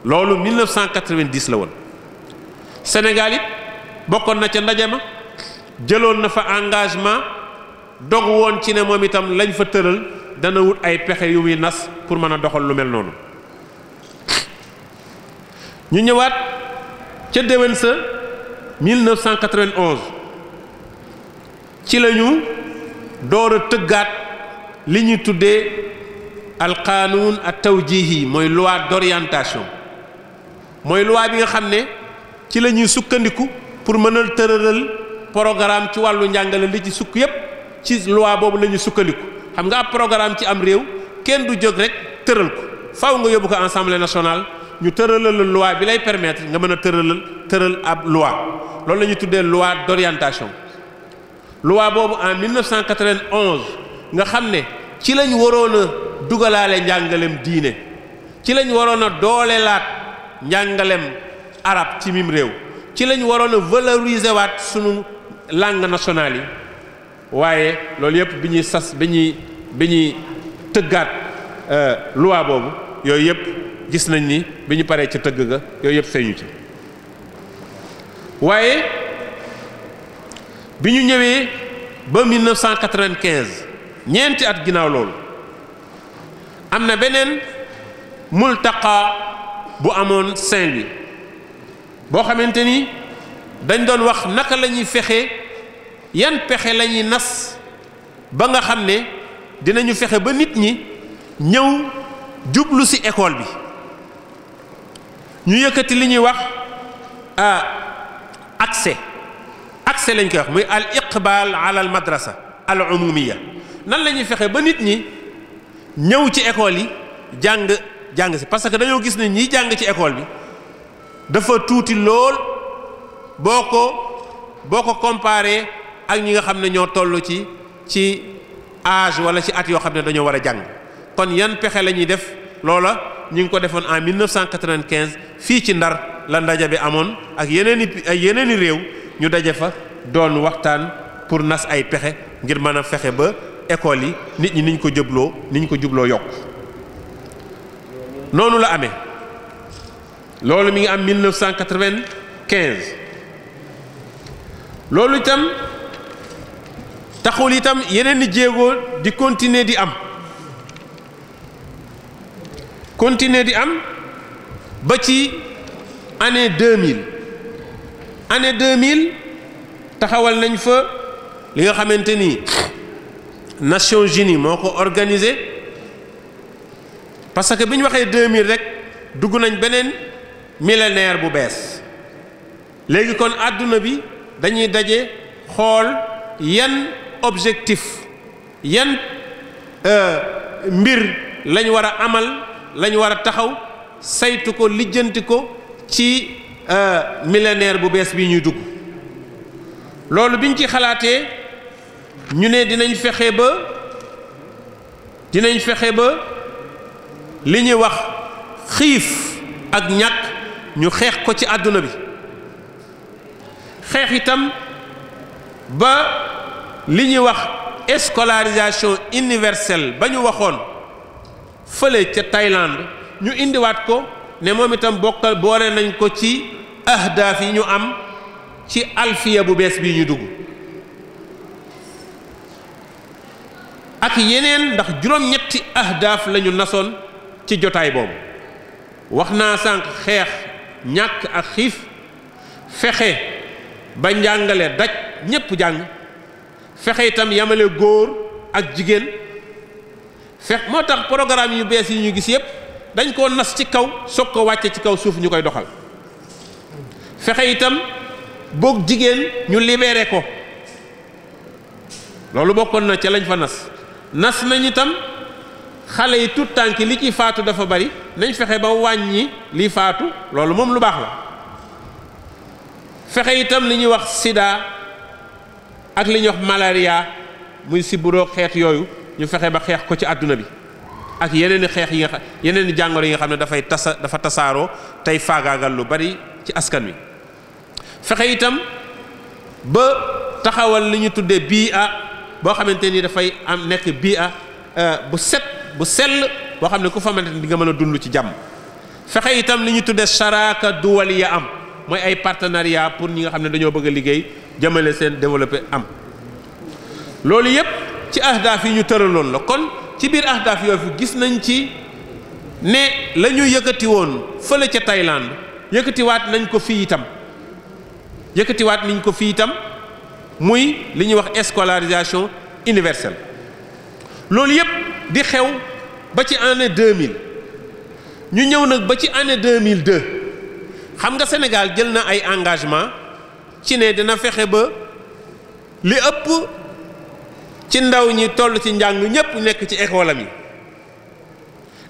loolu 1990 la woon Sénégal it bokkoon na ca ndaje ma jëloon na fa engagement dogu woon ci ne moom itam lañ fa tëral dana wut ay pexe yu muy nas pour mën a doxal lu mel noonu ñu ñëwaat ca déwén sa 1991 ci la ñu door tëggaat li ñu tuddee alqaanuun at tawjihi mooy loi d'orientation mooy loi bi nga xam ne ci la ñuy sukkandiku pour mën a tërëral programme ci wàllu njàngale li ci sukk yépp ci loi boobu la ñuy sukkandiku xam nga ab programme ci am réew kenn du jóg rek tëral ko faaw nga yóbbu ko assemblée nationale ñu tëralal la loi bi lay permettre nga mën a tëralal tëral ab loi loolu la ñuy tuddee loi d'orientation loi boobu en 1991 nga xam ne ci lañ waroon a dugalaale njàngalem diine ci lañ waroon a laat njàngalem arab ci mim réew ci lañ waroon a valoriser waat sunu langue national yi waaye loolu yëpp bi ñuy sas bi ñuy bi tëggaat euh, loi boobu yooyu yëpp gis nañ ni bi ñu paree ca tëgg ga yooyu yëpp feeñu ci waaye bi ñu ñëwee ba 1995 ñeenti at ginnaaw loolu am na beneen multaqa bu amoon Saint-Louis boo xamante ni dañ doon wax naka la ñuy fexe yan pexe la ñuy nas ba nga xam ne dinañu fexe ba nit ñi ñëw jublu ci école bi ñu yëkkati li ñuy wax ah accès accès lañ koy wax muy al iqbal ala al madrasa al umumiya nan la ñuy fexe ba nit ñi ñëw ci école yi jàng jàng si parce que dañoo gis ne ñiy jàng ci école bi dafa tuuti lool boo ko boo ko comparé ak ñi nga xam ne ñoo toll ci ci age wala ci at yoo xam ne dañoo war a jàng kon yan pexe la ñuy def loola ñi ngi ko defoon en 1995 fii ci ndar la ndaje bi amoon ak yeneen i ay yeneen i réew ñu daje fa doon waxtaan pour nas ay pexe ngir mën a fexe ba école yi nit ñi niñ ko jëbloo niñ ko jubloo yokk noonu la amee. loolu mi ngi am 1995 loolu itam taxul itam yeneen i di continuer di am continuer di am ba ci année 2000 année 2000 taxawal nañ fa li nga xamante ni Nations Unies moo ko organisé parce que bi ñu waxee 2000 rek dugg nañ beneen. millénaire bu bees léegi kon àdduna bi dañuy daje xool yan objectif yan euh, mbir lañ war a amal lañu war a taxaw saytu ko lijjanti ko ci euh, millénaire bu bees bi ñuy dugg loolu biñ ci xalaatee ñu ne dinañ fexe ba dinañ fexe ba li ñuy wax xiif ak ñàkk ñu xeex ko ci àdduna bi xeex itam ba li ñuy wax scolarisation universelle ba ñu waxoon fële ca Thaïlande ñu indiwaat ko ne moom itam bokkal boole nañ ko ci ahdaaf yi ñu am ci alfiya bu bees bi ñu dugg ak yeneen ndax juróom-ñetti ahdaaf la nasoon ci jotaay boobu wax naa sanq xeex ñàkk ak xiif fexe ba njàngale daj ñépp jàng fexe itam yamale góor ak jigéen fex moo tax programme yu bees yi ñu gis yépp dañ koo nas ci kaw soog ko wàcce ci kaw suuf ñu koy doxal fexe itam boog jigéen ñu libéré ko loolu bokkoon na ca lañ fa nas nas nañ itam xale yi tout tànk li ci faatu dafa bari nañ fexe ba wàññi lii faatu loolu moom lu baax la fexe itam li ñuy wax sida ak li ñuy wax malaria muy siburoo xeet yooyu ñu fexe ba xeex ko ci àdduna bi ak yeneen i xeex yi nga xam yeneen i jàngoro yi nga xam ne dafay tasa dafa tasaaroo tey faagaagal lu bari ci askan wi fexe itam ba taxawal li ñu tuddee bii a boo xamante ni dafay am nekk bii a euh, bu set bu sell boo xam ne ku famante mën di nga mën a dund ci jàmm fexe itam li ñu tuddee saraka duwal ya am mooy ay partenariat pour ñi nga xam ne dañoo bëgg liggéey jëmale seen développé am loolu yépp ci ahdaaf yi ñu tëraloon la kon ci biir ahdaaf yooyu gis nañ ci ne la ñu yëkkati woon fële ca Thaïlande yëkkatiwaat nañ ko fii itam yëkkatiwaat nañ ko fii itam muy li ñuy wax escolarisation universelle loolu yépp di xew ba ci année 2000 ñu ñëw nag ba ci année 2002 xam nga senegal jël na ay engagement ci ne dina fexe ba li ëpp ci ndaw ñi toll ci njàng ñépp nekk ci école am yi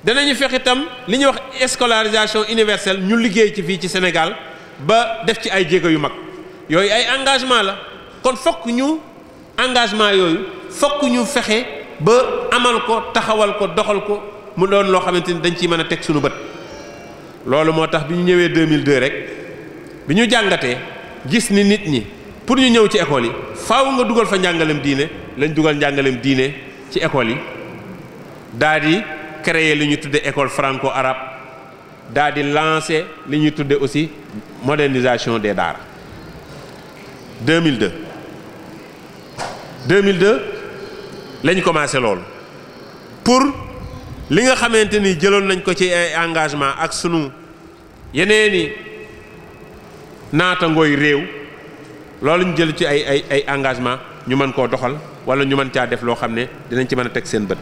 danañu fexe itam li ñuy wax escolarisation universelle ñu liggéey ci fii ci senegal ba def ci ay jéego yu mag yooyu ay engagement la kon fokk ñu engagement yooyu fokk ñu fexe. ba amal ko taxawal ko doxal ko mu doon loo xamante ni dañ ciy mën a teg suñu bët loolu moo tax bi ñu ñëwee 2002 rek bi ñu jàngatee gis ni nit ñi pour ñu ñëw ci école yi faaw nga dugal fa njàngalem diine lañ dugal njàngalem diine ci école yi daa di créer li ñuy tudde école franco arab daa di lancer li ñuy tudde aussi modernisation des daara 2002 2002 lañ commencé loolu pour li nga xamante ni jëloon nañ ko ci ay engagement ak sunu yeneen naata naatangooy réew loolu ñu jël ci ay ay ay engagement ñu mën koo doxal wala ñu mën caa def loo xam ne dinañ ci mën a teg seen bët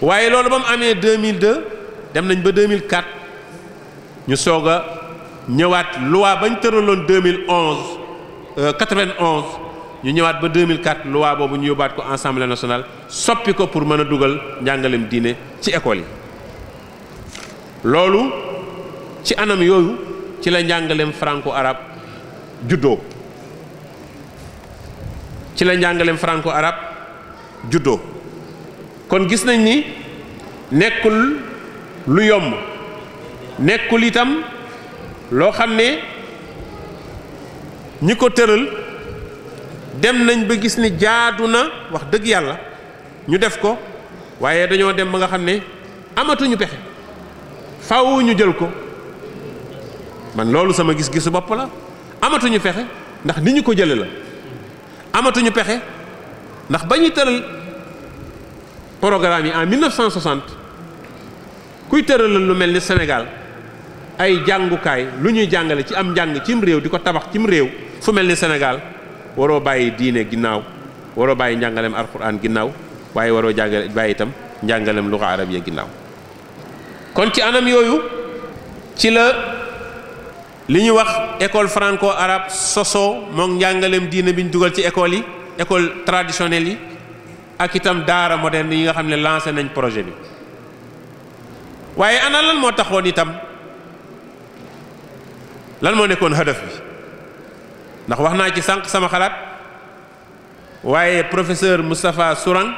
waaye loolu ba mu amee 2002 dem nañ ba 2004 ñu soog a ñëwaat loi bañ tëraloon 2011 91 ñu ñëwaat ba 2004 loi boobu ñu yóbbaat ko assemblée nationale soppi ko pour mën a dugal njàngalem diine ci école yi loolu ci anam yooyu ci la njàngalem franco arabe juddo ci la njàngalem franco arabe juddoo kon gis nañ ni nekkul lu yomb nekkul itam loo xam ne ñi ko tëral. dem nañ ba gis ni jaadu na wax dëgg yàlla ñu def ko waaye dañoo dem ba nga xam ne amatuñu pexe faw jël ko man loolu sama gis-gisu bopp la amatuñu pexe ndax ni ñu ko jële la amatuñu pexe ndax ba ñuy tëral programme yi en 1960 kuy tëralal lu mel ni Sénégal ay jàngukaay lu ñuy jàngale ci am njàng cim réew di ko tabax cim réew fu mel ni Sénégal waroo bàyyi diine ginnaaw waroo bàyyi njàngaleem alquran ginnaaw waaye waroo jàngale bàyyi itam njàngaleem luxa arab ya ginnaaw kon ci anam yooyu ci la li ñu wax école franco arabe soso moom njàngaleem diine bi ñu dugal ci école yi école traditionnelle yi ak itam daara moderne yi nga xam ne lancé nañ projet bi waaye ana lan moo taxoon itam lan moo nekkoon hadaf bi ndax wax naa ci sànq sama xalaat waaye professeur mustafa Sourang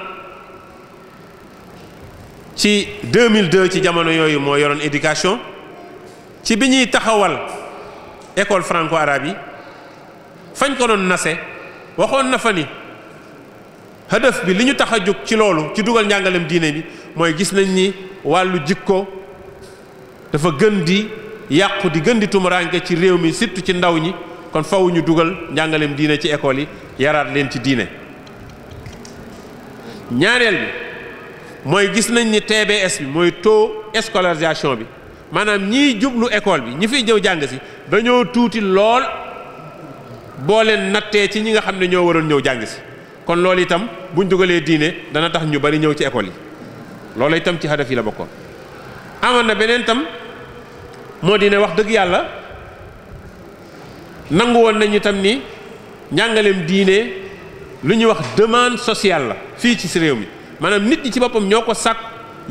ci 2002 ci jamono yooyu moo yoroon éducation ci bi ñuy taxawal école franco-arabe yi fañ ko doon nase waxoon na fa ni hadaf bi li ñu tax a jóg ci loolu ci dugal njàngalem diine bi mooy gis nañ ni wàllu jikko dafa gën di yàqu di gën di tumuraanke ci réew mi surtout ci ndaw ñi kon faw dugal njàngaleem diine ci école yi yaraat leen ci diine ñaareel bi mooy gis nañ ni TBS bi mooy taux scolarisation bi maanaam ñiy jublu école bi ñi fiy jëw jàng si dañoo tuuti lool boo leen nattee ci ñi nga xam ne ñoo waroon ñëw jàng si kon loolu itam buñ dugalee diine dana tax ñu bari ñëw ci école yi loolu itam ci hadaf yi la bokkoon amoon na beneen tam moo di wax dëgg yàlla nangu woon nañu itam nii njàngaleem diine lu ñuy wax demande sociale la fii ci si réew mi maanaam nit ñi ci boppam ñoo ko sàkk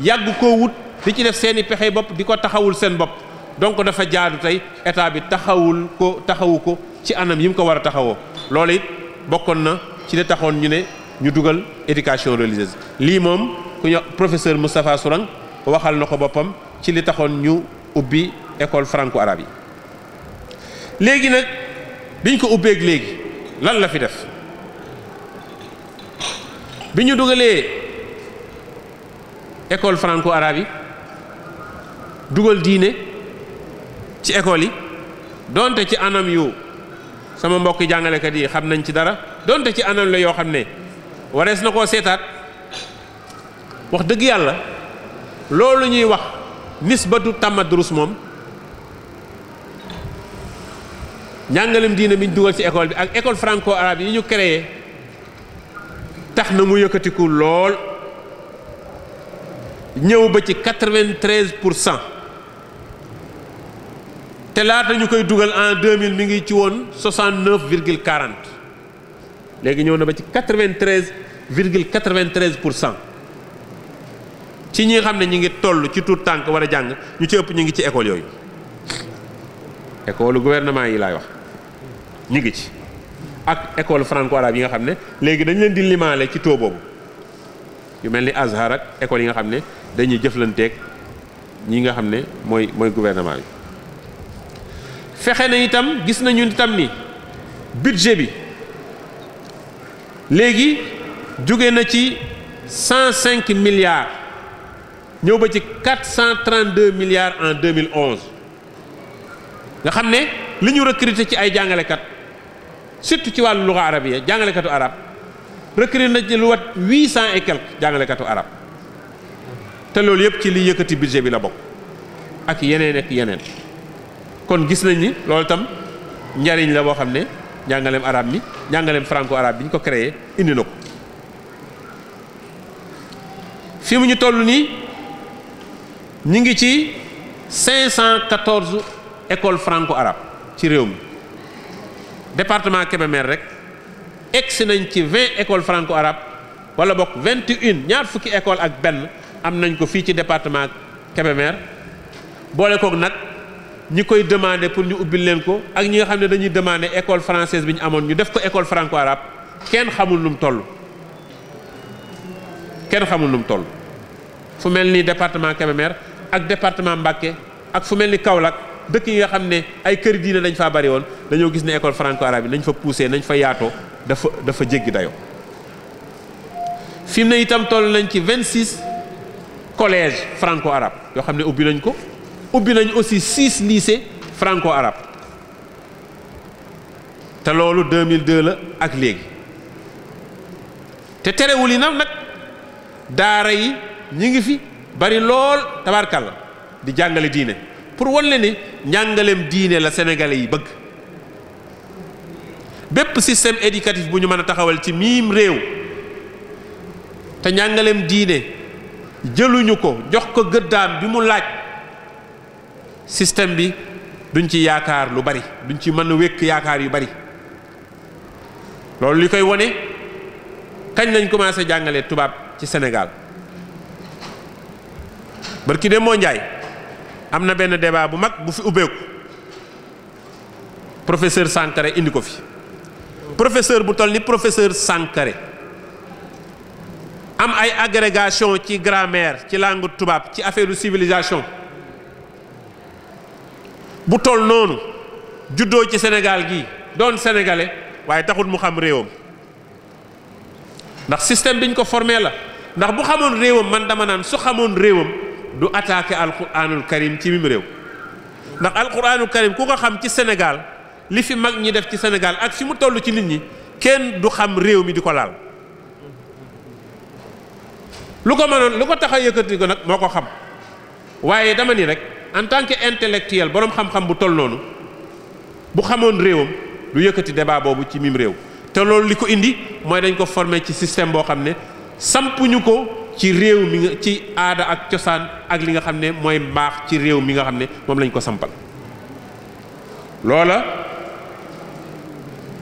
yàgg koo wut di ci def seeni pexe bopp di ko taxawul seen bopp donc dafa jaadu tey état bi taxawul ko taxawu ko ci anam yi mu ko war a taxawoo loolu it bokkoon na ci li taxoon ñu ne ñu dugal éducation religieuse lii moom ku ñu professeur Moustapha Sourang waxal na ko boppam ci li taxoon ñu ubbi école franco arabe yi léegi nag biñ ko ubbeeg léegi lan la fi def bi ñu dugalee école franco-arabe yi dugal diine ci école yi donte ci anam yu sama mbokk jàngalekat yi xam nañ ci dara donte ci anam la yoo xam ne warees na koo seetaat wax dëgg yàlla loolu ñuy wax nisbatu tamadrus moom njàngalem diine bi ñu dugal ci école bi ak école franco arabe yi ñu créé tax na mu yëkkatiku lool ñëw ba ci 93 pour cent te laata ñu koy dugal en 2000 mi ngi ci woon 69 virgule 40 léegi ñëw na ba ci 93 virgule 93 pour cent ci ñi nga xam ne ñu ngi toll ci tuut tànk war a jàng ñu ci ëpp ñu ngi ci école yooyu école gouvernement yi laay wax. ñu ngi ci ak école franco arabe yi nga xam ne léegi dañu leen di limaale ci taux boobu yu mel ni Azhar ak école yi nga xam ne dañuy jëflanteeg ñi nga xam ne mooy mooy gouvernement bi fexe na itam gis nañu itam ni budget bi léegi jóge na ci cent cinq milliards ñëw ba ci quatre cent trente deux milliards en deux mille onze nga xam ne li ñu recruter ci ay jàngalekat surtout ci wàllu luga yi jàngalekatu arab recruté na ci lu wat huit cent et quelques jàngalekatu arab te loolu yëpp ci li yëkkati budget bi la bokk ak yeneen ak yeneen kon gis nañ ni loolu itam njariñ la boo xam ne jàngaleem arab mi jàngaleem franco arabe bi ñu ko créé indi na ko fi mu ñu toll nii ñu ngi ci cinq cent école franco arabe ci réew mi département Kébémer rek egsi nañ ci vingt école franco arabe wala bokk vingt une ñaar fukki école ak benn am nañ ko fii ci département Kébémer boole koog nag ñi koy demandé pour ñu ubbil leen ko ak ñi nga xam ne dañuy demandé école française bi ñu amoon ñu def ko école franco arabe kenn xamul nu mu toll kenn xamul nu mu fu mel ni département Kébémer ak département Mbacké ak fu mel ni Kaolack dëkk yi yoo xam ne ay kër diine dañ faa bari woon dañoo gis ne école franco arabe yi nañ fa poussé nañ fa yaatoo dafa dafa jéggi dayoo fi mu ne itam toll nañ ci vingt 26 collège franco arabe yoo xam ne ubbi nañ ko ubbi nañu aussi 6 lycée franco arabe te loolu 2002 la ak léegi te terewul yi nag nag daara yi ñi ngi fi bari lool tabarkàlla di jàngale diine pour wan le ni njàngaleem diine la sénégalais yi bëgg bépp système éducatif bu ñu mën a taxawal ci miim réew te njàngaleem diine jëluñu ko jox ko gëddaam bi mu laaj système bi duñ ci yaakaar lu bari duñ ci mën a wékk yaakaar yu bari loolu li koy wone kañ lañ commencé jàngale tubaab ci Sénégal barki de moo njaay am na benn débat bu mag bu fi ubbeeku professeur Sankaré indi ko fi professeur bu toll ni professeur Sankaré am ay agrégation ci grammaire ci langue tubaab ci affaire civilisation bu toll noonu juddoo ci Sénégal gi doon sénégalais waaye taxul mu xam réewam ndax système bi ko formé la ndax bu xamoon réewam man dama naan su xamoon réewam. du attaqué alquranul karim ci mim réew ndax alquranul karim ku ko xam ci Sénégal li fi mag ñi def ci Sénégal ak fi mu toll ci nit ñi kenn du xam réew mi di ko laal lu ko mënoon lu ko tax a yëkkati ko nag moo ko xam waaye dama ni rek en tant que intellectuel boroom xam-xam bu toll noonu bu xamoon réewam du yëkkati débat boobu ci mim réew te loolu li ko indi mooy dañ ko formé ci système boo xam ne sampuñu ko ci réew mi nga ci aada ak cosaan ak li nga xam ne mooy mbaax ci réew mi nga xam ne moom lañ ko sampal loola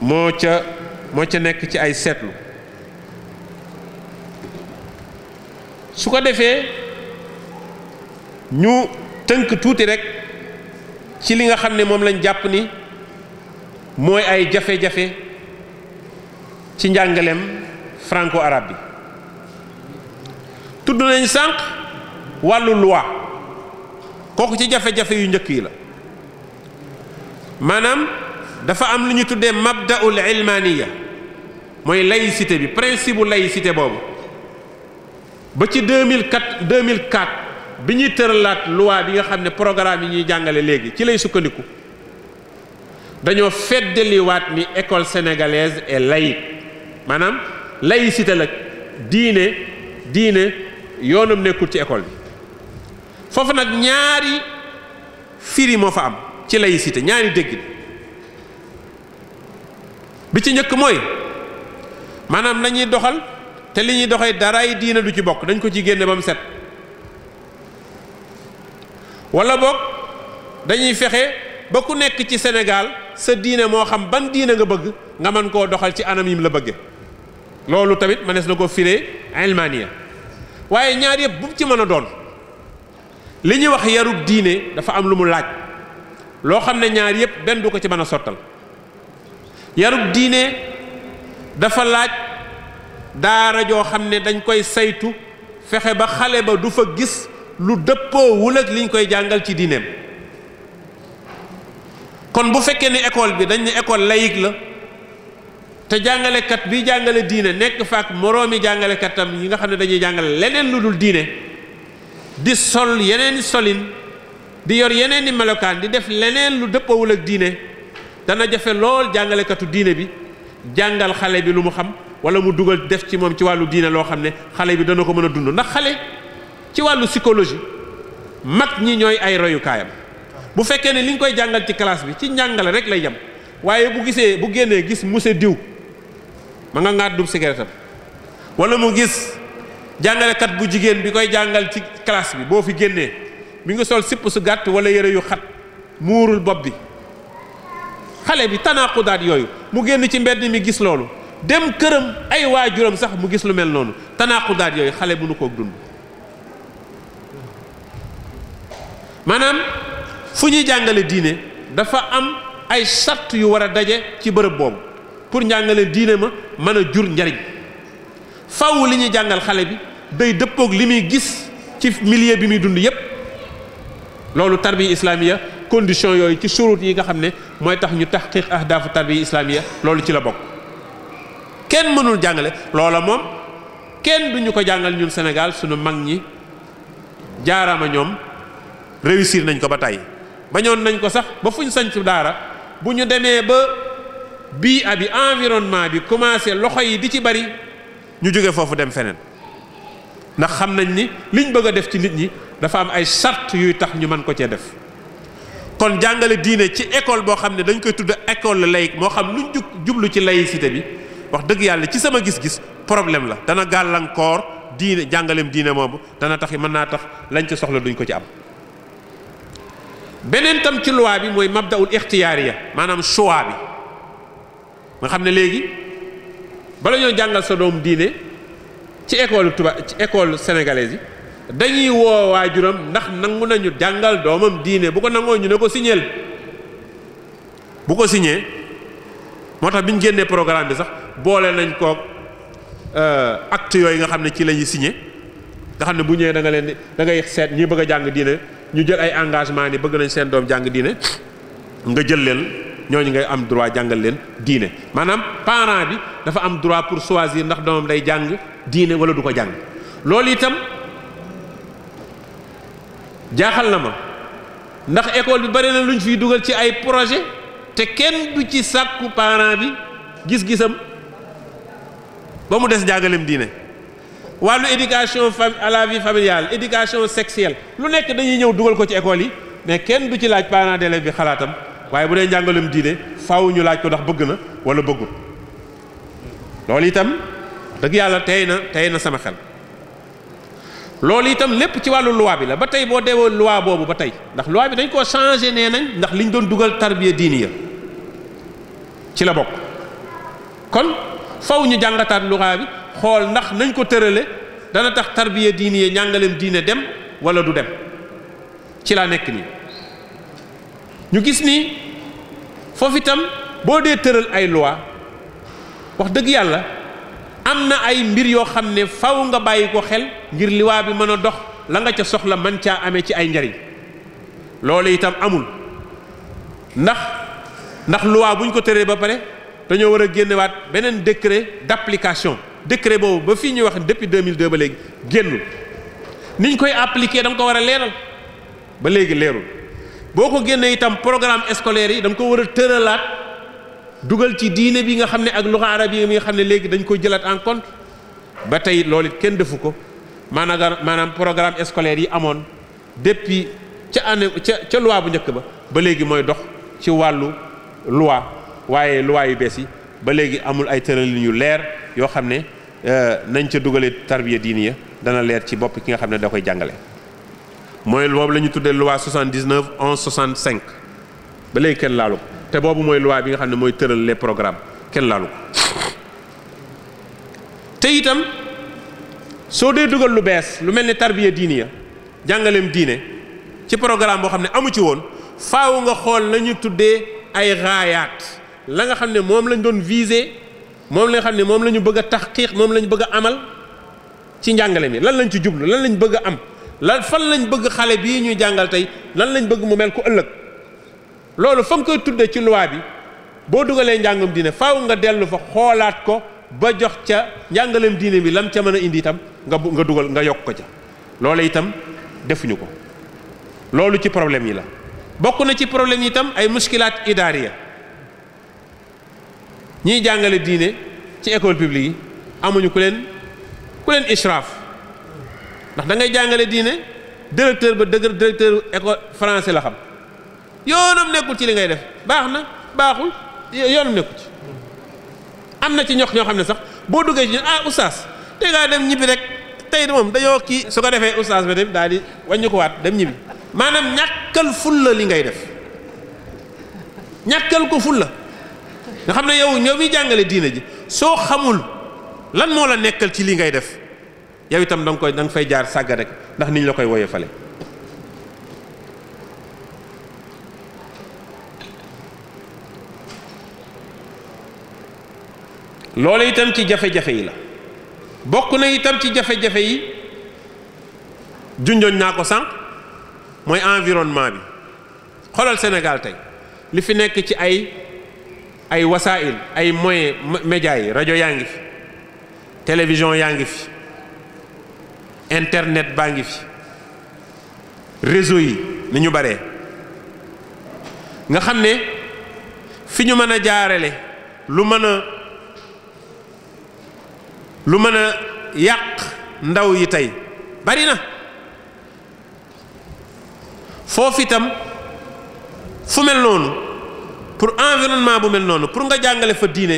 moo ca moo ca nekk ci ay seetlu su ko defee ñu tënk tuuti rekk ci li nga xam ne moom lañ jàpp ni mooy ay jafe-jafe ci njàngaleem franco-arabe bi tudd nañ sànq wàllu loi kooku ci jafe-jafe yu njëkk yi la maanaam dafa am lu ñu tuddee mabdaul ilmaniya mooy laïcité bi principe bu laïcité boobu ba ci 2004 2004 bi ñuy tëralaat loi bi nga xam ne programme yi ñuy jàngale léegi ci lay sukkandiku dañoo feddaliwaat mi école sénégalaise est laïque maanaam laïcité la diine diine yoonam nekkul ci école bi foofu nag ñaari firi moo fa am ci lay laïcité ñaari dégg bi ci njëkk mooy maanaam lañuy doxal te li ñuy doxee daraay diina du ci bokk dañ ko ci génne ba mu set wala boog dañuy fexe ba ku nekk ci Sénégal sa diine moo xam ban diine nga bëgg nga mën koo doxal ci anam yim la bëgge loolu tamit mënees na ko firee ilmaniya waaye ñaar yëpp bu ci mën a doon li ñuy wax yarub diine dafa am lu mu laaj loo xam ne ñaar yëpp benn du ko ci mën a sottal yarub diine dafa laaj daara joo xam ne dañ koy saytu fexe ba xale ba du fa gis lu dëppoo wul ak liñ koy jàngal ci diineem kon bu fekkee ne école bi dañ ne école laïque la te jàngalekat bi jàngale diine nekk faak moroomi jàngalekat tam yi nga xam ne dañuy jàngale leneen lu dul diine di sol yeneen solin di yor yeneen i melokaan di def leneen lu dëppawul ak diine dana jafe lool jàngalekatu diine bi jàngal xale bi lu mu xam wala mu dugal def ci moom ci wàllu diine loo xam ne xale bi dana ko mën a dund ndax xale ci wàllu psychologie mag ñi ñooy ay royukaayam bu fekkee ne li nga koy jàngal ci classe bi ci njàngale rek lay yem waaye bu gisee bu génnee gis monsieur diw ma nga ŋaat dub sigaretam wala mu gis jàngalekat bu jigéen bi koy jàngal ci classe bi boo fi génnee mi ngi sol sipp su gàtt wala yére yu xat muurul bopp bi xale bi tanaaqudaat yooyu mu génn ci mbedd mi gis loolu dem këram ay waa waajuram sax mu gis lu mel noonu tanaaqudaat yooyu xale bu nu koog dund maanaam fu ñuy jàngale diine dafa am ay sart yu war a daje ci bërëb boobu pour njàngaleen diine ma mën a jur njariñ faw li ñuy jàngal xale bi day dëppoog li muy gis ci millier bi muy dund yépp loolu tarbiya islamiya condition yooyu ci surut yi nga xam ne mooy tax ñu taxqiq ahdaafu tarbiya islamiya loolu ci la bokk kenn mënul jàngale loola moom kenn du ñu ko jàngal ñun senegal suñu mag ñi jaaraama ñoom réussir nañ ko ba tey bañoon nañ ko sax ba fuñ sanc daara bu ñu demee ba bii abi environnement bi commencé loxo yi di ci bari ñu jóge foofu dem feneen ndax xam nañ ni liñ bëgg a def ci nit ñi dafa am ay sart yuy tax ñu mën ko cee def kon jàngale diine ci école boo xam ne dañ koy tudd école laïque moo xam luñ jug jublu ci laïcité bi wax dëgg yàlla ci sama gis-gis problème la dana gàllankoor diine jàngalem diine moomu dana tax mën naa tax lañ ci soxla duñ ko ci am beneen tam ci loi bi mooy mabdaul ixtiyaariya maanaam choix nga xam ne léegi bala ñoo jàngal sa doomu diine ci école tuba ci école sénégalaise yi dañuy woo waajuram ndax nangu nañu jàngal doomam diine bu ko nangoo ñu ne ko signeel bu ko siñee moo tax biñ génnee programme bi sax boole nañ koog euh, acte yooyu nga xam ne ci la ñuy signé nga xam ne bu ñëwee da nga leen di da ngay seet ñi bëgg a jàng diine ñu jël ay engagement ni bëgg nañ seen doom jàng diine nga jël leen. ñooñu ngay am droit jàngal leen diine maanaam parent bi dafa am droit pour choisir ndax doomam day jàng diine wala du ko jàng loolu itam jaaxal na ma ndax école bi bari na lu ñu fiy dugal ci ay projet te kenn du ci sàkku parent bi gis-gisam ba mu des jàngaleem diine wàllu éducation fa à la vie familiale éducation sexuelle lu nekk dañuy ñëw dugal ko ci école yi mais kenn du ci laaj parent d'élève bi xalaatam waaye bu dee njàngalum diine faaw ñu laaj ko ndax bëgg na wala bëggul loolu itam dëgg yàlla tey na tey na sama xel loolu itam lépp ci wàllu luwaa bi la ba tey boo deewoon luwaa boobu ba tey ndax loi bi dañ koo changé nee nañ ndax liñ doon dugal tarbiya diini ya ci la bokk kon faw ñu jàngataat loi bi xool ndax nañ ko tërale dana tax tarbiya diini ya njàngaleem diine dem wala du dem ci laa nekk nii ñu gis nii foofu itam boo dee tëral ay loi wax dëgg yàlla am na ay mbir yoo xam ne faw nga bàyyi ko xel ngir liwaa bi mën a dox la nga ca soxla man caa amee ci ay njariñ loolu itam amul ndax ndax loi bu ñu ko tëree ba pare dañoo war a génnewaat beneen décret d'application décret boobu ba fii ñuy wax depuis 2002 ba léegi génnul niñ koy appliquer da nga ko war a leeral ba léegi leerul boo ko génnee itam programme scolaire yi danga nga ko war a tëralaat dugal ci diine bi nga xam ne ak luxa arab yi nga xam ne léegi dañ koy jëlaat en compte ba tey lool it kenn defu ko maanaam maanaam programme scolaire yi amoon depuis ca année ca ca loi bu njëkk ba ba léegi mooy dox ci wàllu loi waaye luwaa yu bees yi ba léegi amul ay tëralin yu leer yoo xam ne euh, nañ ca dugalee tarbiya diine ya dana leer ci bopp ki nga xam ne da koy jàngale mooy boobu la ñu tuddee loi 79 11 65 ba léegi kenn laalu ko te boobu mooy loi bi nga xam ne mooy tëral les programme kenn laalu ko te itam soo dee dugal lu bees lu mel ni tarbiya diini ya jàngaleem diine ci programme boo xam ne amu ci woon faaw nga xool la ñu tuddee ay raayaat la nga xam ne moom lañ doon visé moom la nga xam ne moom la ñu bëgg a taxqiq moom la ñu bëgg amal ci njàngale mi lan lañ ci jublu lan lañ bëgg a am lan fan lañ bëgg xale bii ñuy jàngal tey lan lañ bëgg mu mel ku ëllëg loolu fa nga koy tudde ci loi bi boo dugalee njàngam diine faaw nga dellu fa xoolaat ko ba jox ca njàngaleem diine bi lam ca mën a indi itam nga dugal nga yokk ko ca loolu itam defuñu ko loolu ci problème yi la bokk na ci problème yi itam ay muskilaat idaariya ñiy jàngale diine ci école publique yi amuñu ku leen ku leen israaf ndax da ngay jàngale diine directeur ba dëgër directeur école francais la xam yoonam nekkul ci li ngay def baax na baaxul yoonam nekkul ci am na ci ñox ñoo xam ne sax boo duggee ci ñun ah oustaz te ngaa dem moom dañoo kii su ko defee oustaz dem daal di wàññi ko waat dem ñibbi maanaam ñàkkal fulla li ngay def ñàkkal ko fulla nga xam ne yow ñoo mi jàngale diine ji soo xamul lan moo la nekkal ci li ngay def yow itam da nga koy da fay jaar sàgga rek ndax niñ la koy woyofale loolu itam ci jafe-jafe yi la bokk na itam ci jafe-jafe yi junjoon naa ko sànq mooy environnement bi xoolal Sénégal tey li fi nekk ci ay ay wasail ay moyen média yi rajo yaa ngi fi télévision yaa ngi fi internet baa ngi fi réseau yi ni ñu bare nga xam ne fi ñu mën a jaarale lu mën a lu mën a yàq ndaw yi tey bari na foofu itam fu mel noonu pour environnement bu mel noonu pour nga jàngale fa diine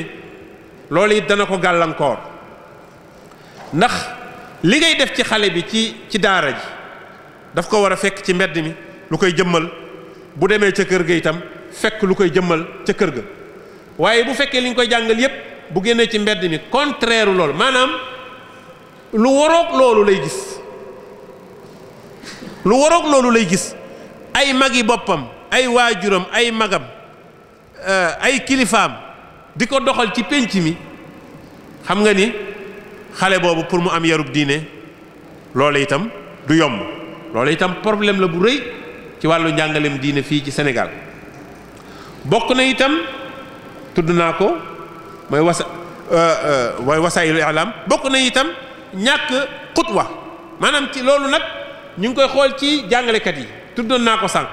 loolu it dana ko gàllankoor ndax li ngay def ci xale bi ci ci daara ji daf ko war a fekk ci mbedd mi lu koy jëmmal bu demee ca kër ga itam fekk lu koy jëmmal ca kër ga waaye bu fekkee li ñu koy jàngal yépp bu génnee ci mbedd mi contraire lool maanaam lu waroog loolu lay gis lu waroog loolu lay gis ay magi boppam ay waajuram ay magam euh, ay kilifaam di ko doxal ci pénc mi xam nga ni xale boobu pour mu am yarub diine loolu itam du yomb loolu itam problème la bu rëy ci wàllu njàngaleem diine fii ci Sénégal bokk na itam tudd naa ko mooy wasa euh, euh, mooy wasaayilu i'lam bokk na itam ñàkk wa maanaam ci loolu nag ñu ngi koy xool ci jàngalekat yi tuddoon naa ko sànq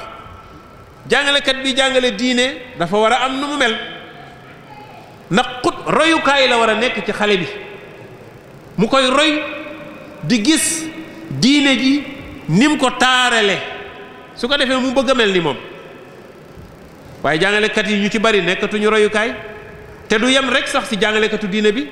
jàngalekat bi jàngale diine dafa war a am nu mu mel ndax xut royukaay la war a nekk ci xale bi mu koy roy di gis diine ji ni mu ko taarale su ko defee mu bëgg a mel ni moom waaye jàngalekat yi ñu ci bari nekkatuñu royukaay te du yem rek sax ci jàngalekatu diine bi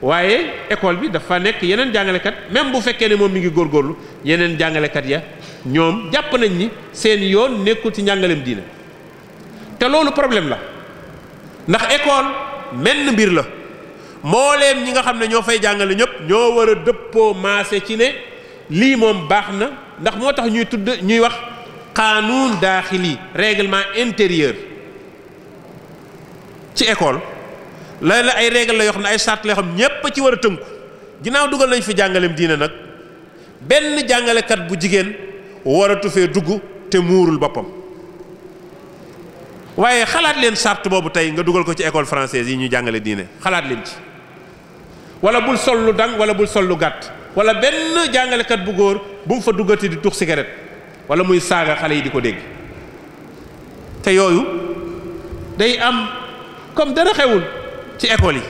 waaye école bi dafa nekk yeneen jàngalekat même bu fekkee ne moom mi ngi góorgóorlu yeneen jàngalekat ya ñoom jàpp nañ ni seen yoon nekkul ci njàngaleem diine te loolu problème la ndax école menn mbir la mbooleem ñi nga xam ne ñoo fay jàngale ñëpp ñoo war a dëppoo maase ci ne lii moom baax na ndax moo tax ñuy tudd ñuy wax qaanuun daaxili réglement intérieur ci école la la ay règle la yoo xam ne ay sart la yoo xam ñépp ci war a tënku ginnaaw dugal nañ fi jàngaleem diine nag benn jàngalekat bu jigéen waratu fee dugg te muurul boppam waaye xalaat leen sart boobu tey nga dugal ko ci école française yi ñu jàngale diine xalaat leen ci wala bul sol lu dang wala bul sol lu gàtt wala benn jàngalekat bu góor bu mu fa duggati di tux cigarette wala muy saaga xale yi di ko dégg te yooyu day am comme dara xewul ci école yi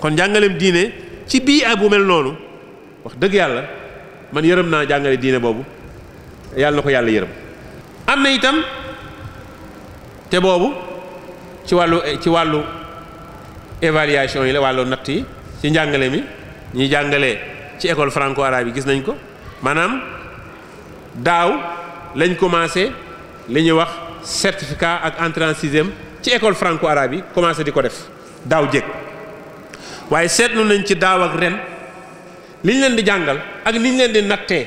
kon jàngalem diine ci bii ay bu mel noonu wax dëgg yàlla man yërëm naa jàngale diine boobu yàlla na ko yàlla yërëm am na itam te boobu ci wàllu ci wàllu évaluation yi la wàllu natt yi ci njàngale mi ñuy jàngale ci école franco arabe yi gis nañ ko maanaam daaw lañ commencé li ñuy wax certificat ak entrée en sixième ci école franco arabe yi commencé di ko def daaw jég waaye seetlu nañ ci daaw ak ren liñ leen di jàngal ak liñ leen di nattee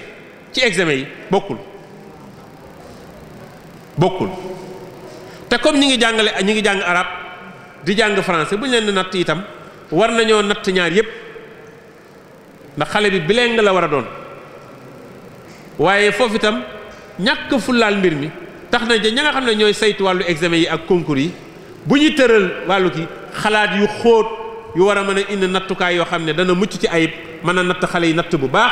ci examen yi bokkul bokkul te comme ñu ngi jàngale ñu ngi jàng arab di jàng français bu ñu leen di natt itam war nañoo natt ñaar yépp ndax xale bi bileeng la war a doon waaye foofu itam ñàkk fullaal mbir mi tax na ja ña nga xam ne ñooy saytu wàllu examen yi ak concours yi bu ñu tëral wàllu ki xalaat yu xóot yu war a mën a indi nattukaay yoo xam ne dana mucc ci ayib mën a natt xale yi natt bu baax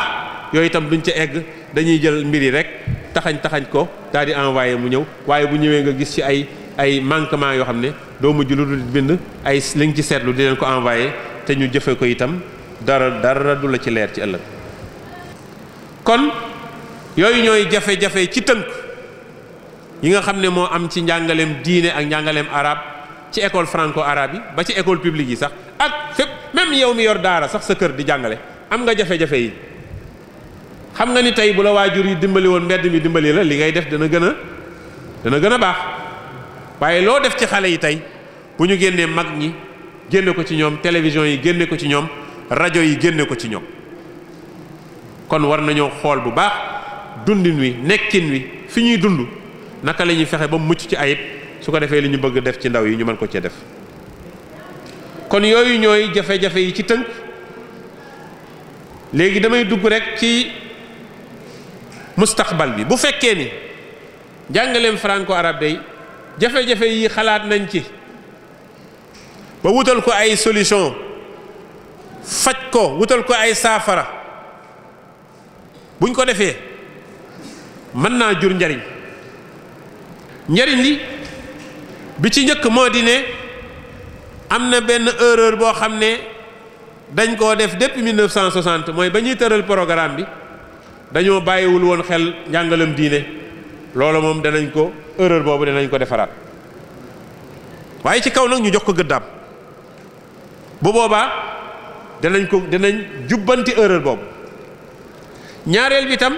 yooyu itam duñ ca egg dañuy jël mbir yi rek taxañ taxañ ko daal di envoyé mu ñëw waaye bu ñëwee nga gis ci ay ay manquement yoo xam ne doo mujj lu dul bind ay li ci seetlu di leen ko envoyé te ñu jëfe ko itam dara dara du la ci leer ci ëllëg kon yooyu ñooy jafe-jafe ci tënk yi nga xam ne moo am ci njàngaleem diine ak njàngaleem arab ci école franco arabe yi ba ci école publique yi sax ak fépp même yow mi yor daara sax sa kër di jàngale am nga jafe-jafe yi xam nga ni tey bu la waajur yi dimbali woon mbedd mi dimbali la li ngay def dana gën a dana gën a waaye loo def ci xale yi tey bu ñu génnee mag ñi génne ko ci ñoom télévision yi génne ko ci ñoom rajo yi génne ko ci ñoom kon war nañoo xool bu baax dundin wi nekkin wi fi ñuy dund naka lañuy fexe ba mucc ci ayib su ko defee li ñu bëgg def ci ndaw yi ñu mën ko cee def kon yooyu ñooy jafe-jafe yi ci tënk léegi damay dugg rek ci mustaqbal bi bu fekkee ni jàngaleem franco arabe day jafe-jafe yii xalaat nañ ci ba wutal ko ay solution faj ko wutal ko ay saafara buñ ko defee mën naa jur njariñ njariñ li bi ci njëkk moo di ne am na benn erreur boo xam ne dañ koo def depuis 1960 mooy ba ñuy tëral programme bi dañoo bàyyiwul woon xel njàngalam diine loolu moom danañ ko erreur boobu danañ ko defaraat waaye ci kaw nag ñu jox ko gëddaam bu boobaa danañ ko danañ jubbanti erreur boobu ñaareel bi tam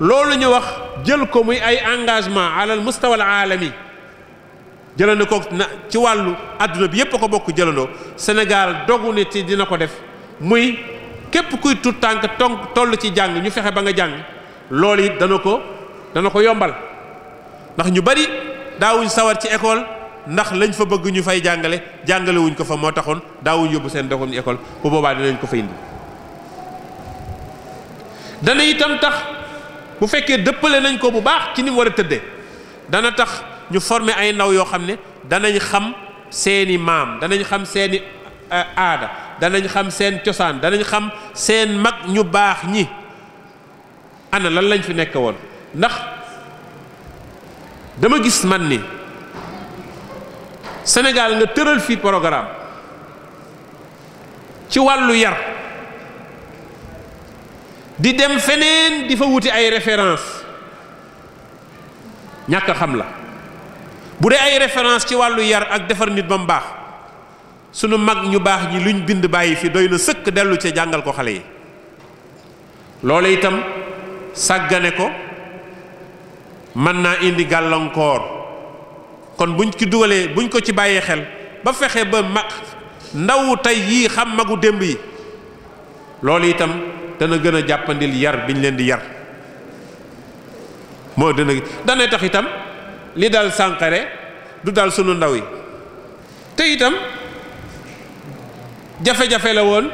loolu ñu wax jël ko muy ay engagement alal mustawa al aalami jëlando ko na ci wàllu àdduna bi yépp ko bokk jëlandoo Sénégal dogu ne ci dina ko def muy képp kuy tut tànk tong toll ci jàng ñu fexe ba nga jàng loolu it dana ko dana ko yombal ndax ñu bari daawuñ sawar ci école ndax lañ fa bëgg ñu fay jàngale jàngalewuñ ko fa moo taxoon daawuñ yóbbu seen doxam ñu école bu boobaa dinañ ko fa indi dana itam tax bu fekkee dëppale nañ ko bu baax ci ni mu war a tëddee dana tax ñu former ay ndaw yoo xam ne danañ xam seeni maam danañ xam seeni euh, aada danañ xam seen cosaan danañ xam seen mag ñu baax ñi ana lan lañ fi nekk woon ndax dama gis man ni Sénégal nga tëral fii programme ci wàllu yar di dem feneen di fa wuti ay référence ñàkk xam la bu dee ay référence ci wàllu yar ak defar nit ba mu baax sunu mag ñu baax ñi luñ bind bàyyi fi doy na sëkk dellu ca jàngal ko xale yi loolu itam sàggane ko mën naa indi gàllankoor kon buñ ci dugalee buñ ko ci bàyyee xel ba fexe ba mag ndawu tey yii xam magu démb yi loolu itam dana gën a jàppandil yar biñ leen di yar moo dana dana tax itam li daal Sankharé du daal sunu ndaw yi te itam jafe-jafe la woon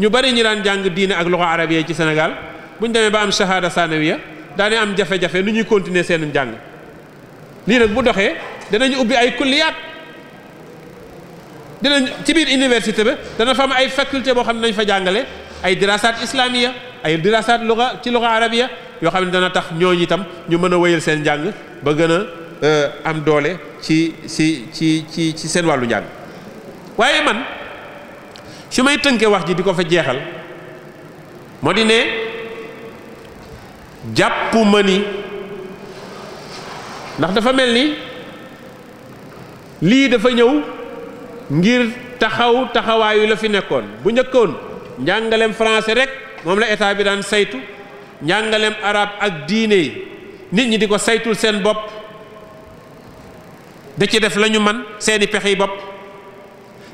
ñu bari ñu daan jàng diine ak loxo arab yi ci Sénégal buñ demee ba am shahada sanawiya daane am jafe-jafe nu ñuy continuer seenu njàng lii nag bu doxee danañu ubbi ay kulliyaat dinañ ci biir université ba dana fa am ay faculté boo xam ne nañ fa jàngale ay dirasaat islamiya ay dirasaat luga ci luga arabiya yoo xam ne dana tax ñooñ itam ñu mën a wéyal seen njàng ba gën a euh, am doole ci ci ci ci ci seen wàllu njàng waaye man su may tënkee wax ji di ko fa jeexal moo di ne jàpp ni ndax dafa mel ni lii dafa ñëw ngir taxaw taxawaayu la fi nekkoon bu njëkkoon njàngaleem français rek moom la état bi daan saytu njàngaleem arab ak diine yi nit ñi di ko saytul seen bopp da ci def lañu man seeni pexey bopp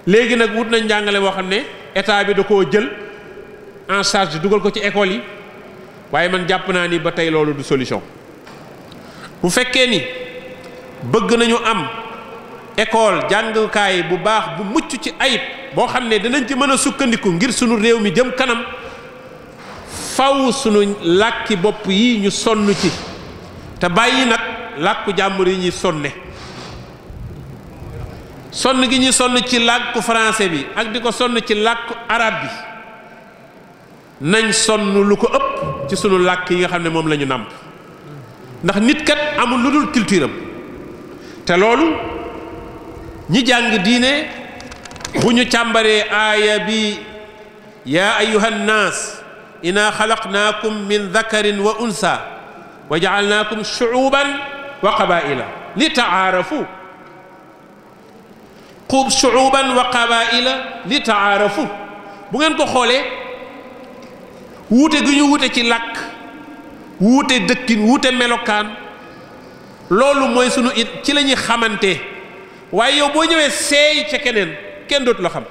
léegi nag wut nañ njàngale boo xam ne état bi da koo jël en dugal ko ci école yi waaye man jàpp naa ni ba tey loolu du solution bu fekkee ni bëgg nañu am école jàngukaay bu baax bu mucc ci ayib boo xam ne danañ ci mën a sukkandiku ngir sunu réew mi jëm kanam faw sunu làkki bopp yi ñu sonn ci te bàyyi nag làkku jàmbur yi ñuy sonne sonn gi ñuy sonn ci làkku français bi ak di ko sonn ci làkku arab bi nañ sonn lu ko ëpp ci sunu làkk yi nga xam ne moom lañu ñu ndax nit kat amul lu dul culture te loolu ñi jàng diine bu ñu càmbaree aaya bi yaa ayuha nnaas inna xalaqnaakum min dakarin wa unsa wa jaalnaakum shuuban wa qabaila li taarafu qub wa qabaila li taarafu bu ngeen ko xoolee wuute gi ñu wuute ci làkk wuute dëkkin wuute melokaan loolu mooy sunu it ci lañuy xamante waaye yow boo ñëwee seey ca keneen kenn dootu la xam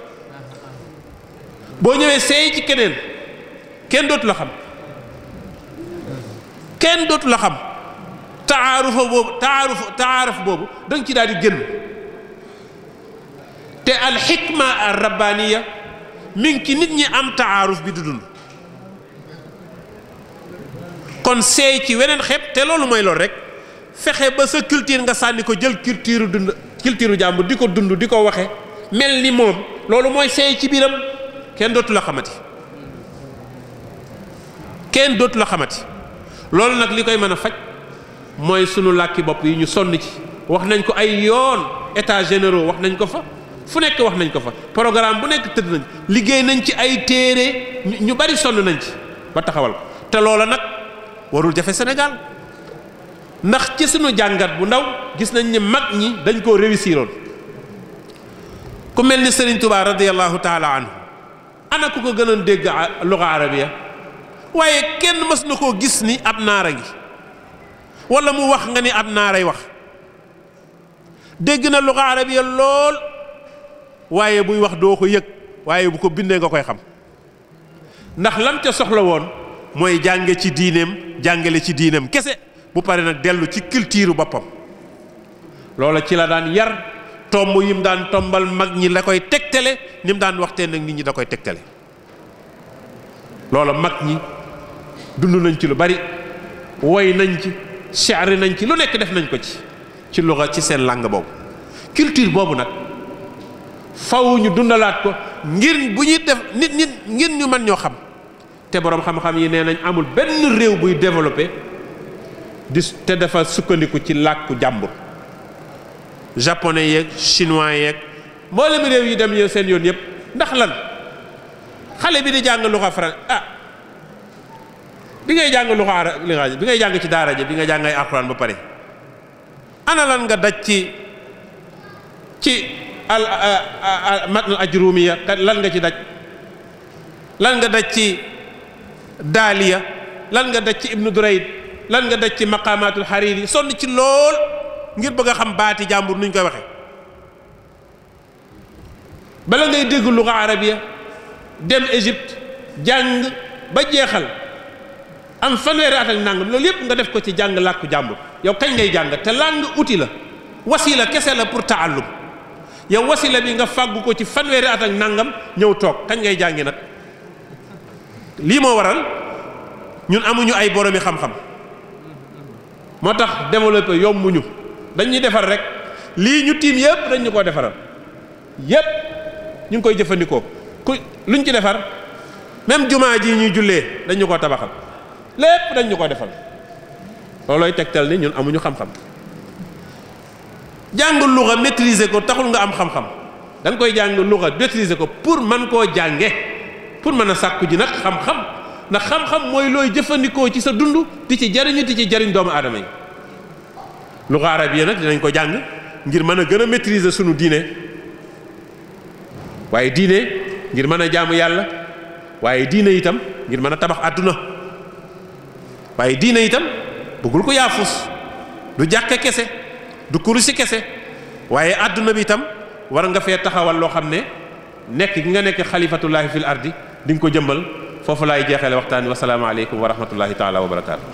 boo ñëwee seey ci keneen kenn dootu la xam kenn dootu la xam taarufa boobu taaruf taaruf boobu da ci daal di génn te alxikma ar rabbaniya mi ngi ci nit ñi am taaruf bi du dund kon seey ci weneen xet te loolu mooy loolu rek fexe ba sa culture nga sànni ko jël culture dund culture jàmbur di ko dund di ko waxe mel ni moom loolu mooy seey ci biiram kenn dootu la xamati kenn dootu la xamati loolu nag li koy mën a faj mooy sunu làkki bopp yi ñu sonn ci wax nañ ko ay yoon état généraux wax nañ ko fa fu nekk wax nañ ko fa programme bu nekk tëdd nañ liggéey nañ ci ay téere ñu bari sonn nañ ci ba taxawal ko te loola nag warul jafe Sénégal ndax ci suñu jàngat bu ndaw gis nañ ni mag ñi dañ koo réussiroon ku mel ni Serigne Touba radiyallahu taala anhu ana ku ko gënoon dégg luga arabiya waaye kenn mës na koo gis ni ab naara gi wala mu wax nga ni ab naaray wax dégg na luga arabiya lool waaye buy wax doo ko yëg waaye bu ko bindee nga koy xam ndax lam ca soxla woon mooy jànge ci diineem jàngale ci diineem kese bu pare na dellu ci culture boppam loola ci la daan yar tomb yim daan tombal mag ñi la koy tegtale ni daan waxtee nag nit ñi da koy tegtale loola mag ñi dund nañ ci lu bari woy nañ ci chaari nañ ci lu nekk def nañ ko ci ci luxa ci seen langue boobu culture boobu nag faw ñu dundalaat ko ngir bu ñuy def nit nit ngir ñu mën ñoo xam te boroom xam-xam yi nee nañ amul benn réew buy développé di te dafa sukkandiku ci làkku jàmbur japonais yeeg chinois yeeg mboolem réew yi dem yow seen yoon yëpp ndax lan xale bi di jàng luxa fran ah, bi ngay jàng luxa bi ngay jàng ci daara ji bi nga jàng ay alxuraan ba pare ana lan nga daj ci ci al matnul ajrumiya lan nga ci daj lan nga daj ci daaliya lan nga daj ci ibnu durayd lan nga daj ci maqaamaatul xariri sonn ci lool ngir bëgg a xam baati jàmbur nuñ koy waxe bala ngay dégg luga arabiya dem Égypte jàng ba jeexal am fanweeri at ak nangam loolu yëpp nga def ko ci jàng làkku jàmbur yow kañ ngay jàng te langue uti la wasila kese la pour taallum yow wasila bi nga fàggu ko ci fanweeri at ak nangam ñëw toog kañ ngay jàngi nag lii moo waral ñun amuñu ay boroomi xam-xam moo tax développé yombuñu dañuy defar rek lii ñu tiim yépp dañ ñu koo defaral yépp ñu ngi koy jëfandikoo ku luñ ci defar même jumaa ji ñuy jullee dañu ñu koo tabaxal lépp dañ ñu koo defal loolooy tegtal ni ñun amuñu xam-xam jàng luxa maîtriser ko taxul nga am xam-xam da koy jàng luxa maîtriser ko pour man koo jànge pour mën a sàkku ji nag xam-xam ndax xam-xam mooy looy jëfandikoo ci sa dund di ci jariñu di ci jariñ doomu aadama yi luga arab yi nag dinañ ko jàng ngir mën a gën a maîtriser sunu diine waaye diine ngir mën a jaamu yàlla waaye diine itam ngir mën a tabax àdduna waaye diine itam bëggul ko yaafus du jàkka kese du kurusi kese waaye àdduna bi itam war nga fee taxawal loo xam ne nekk gi nga nekk xalifatullahi fil ardi di nga ko jëmbal foofu laay jeexale waxtaan wi wasalaamaaleykum wa rahmatullahi taala wa barakaatu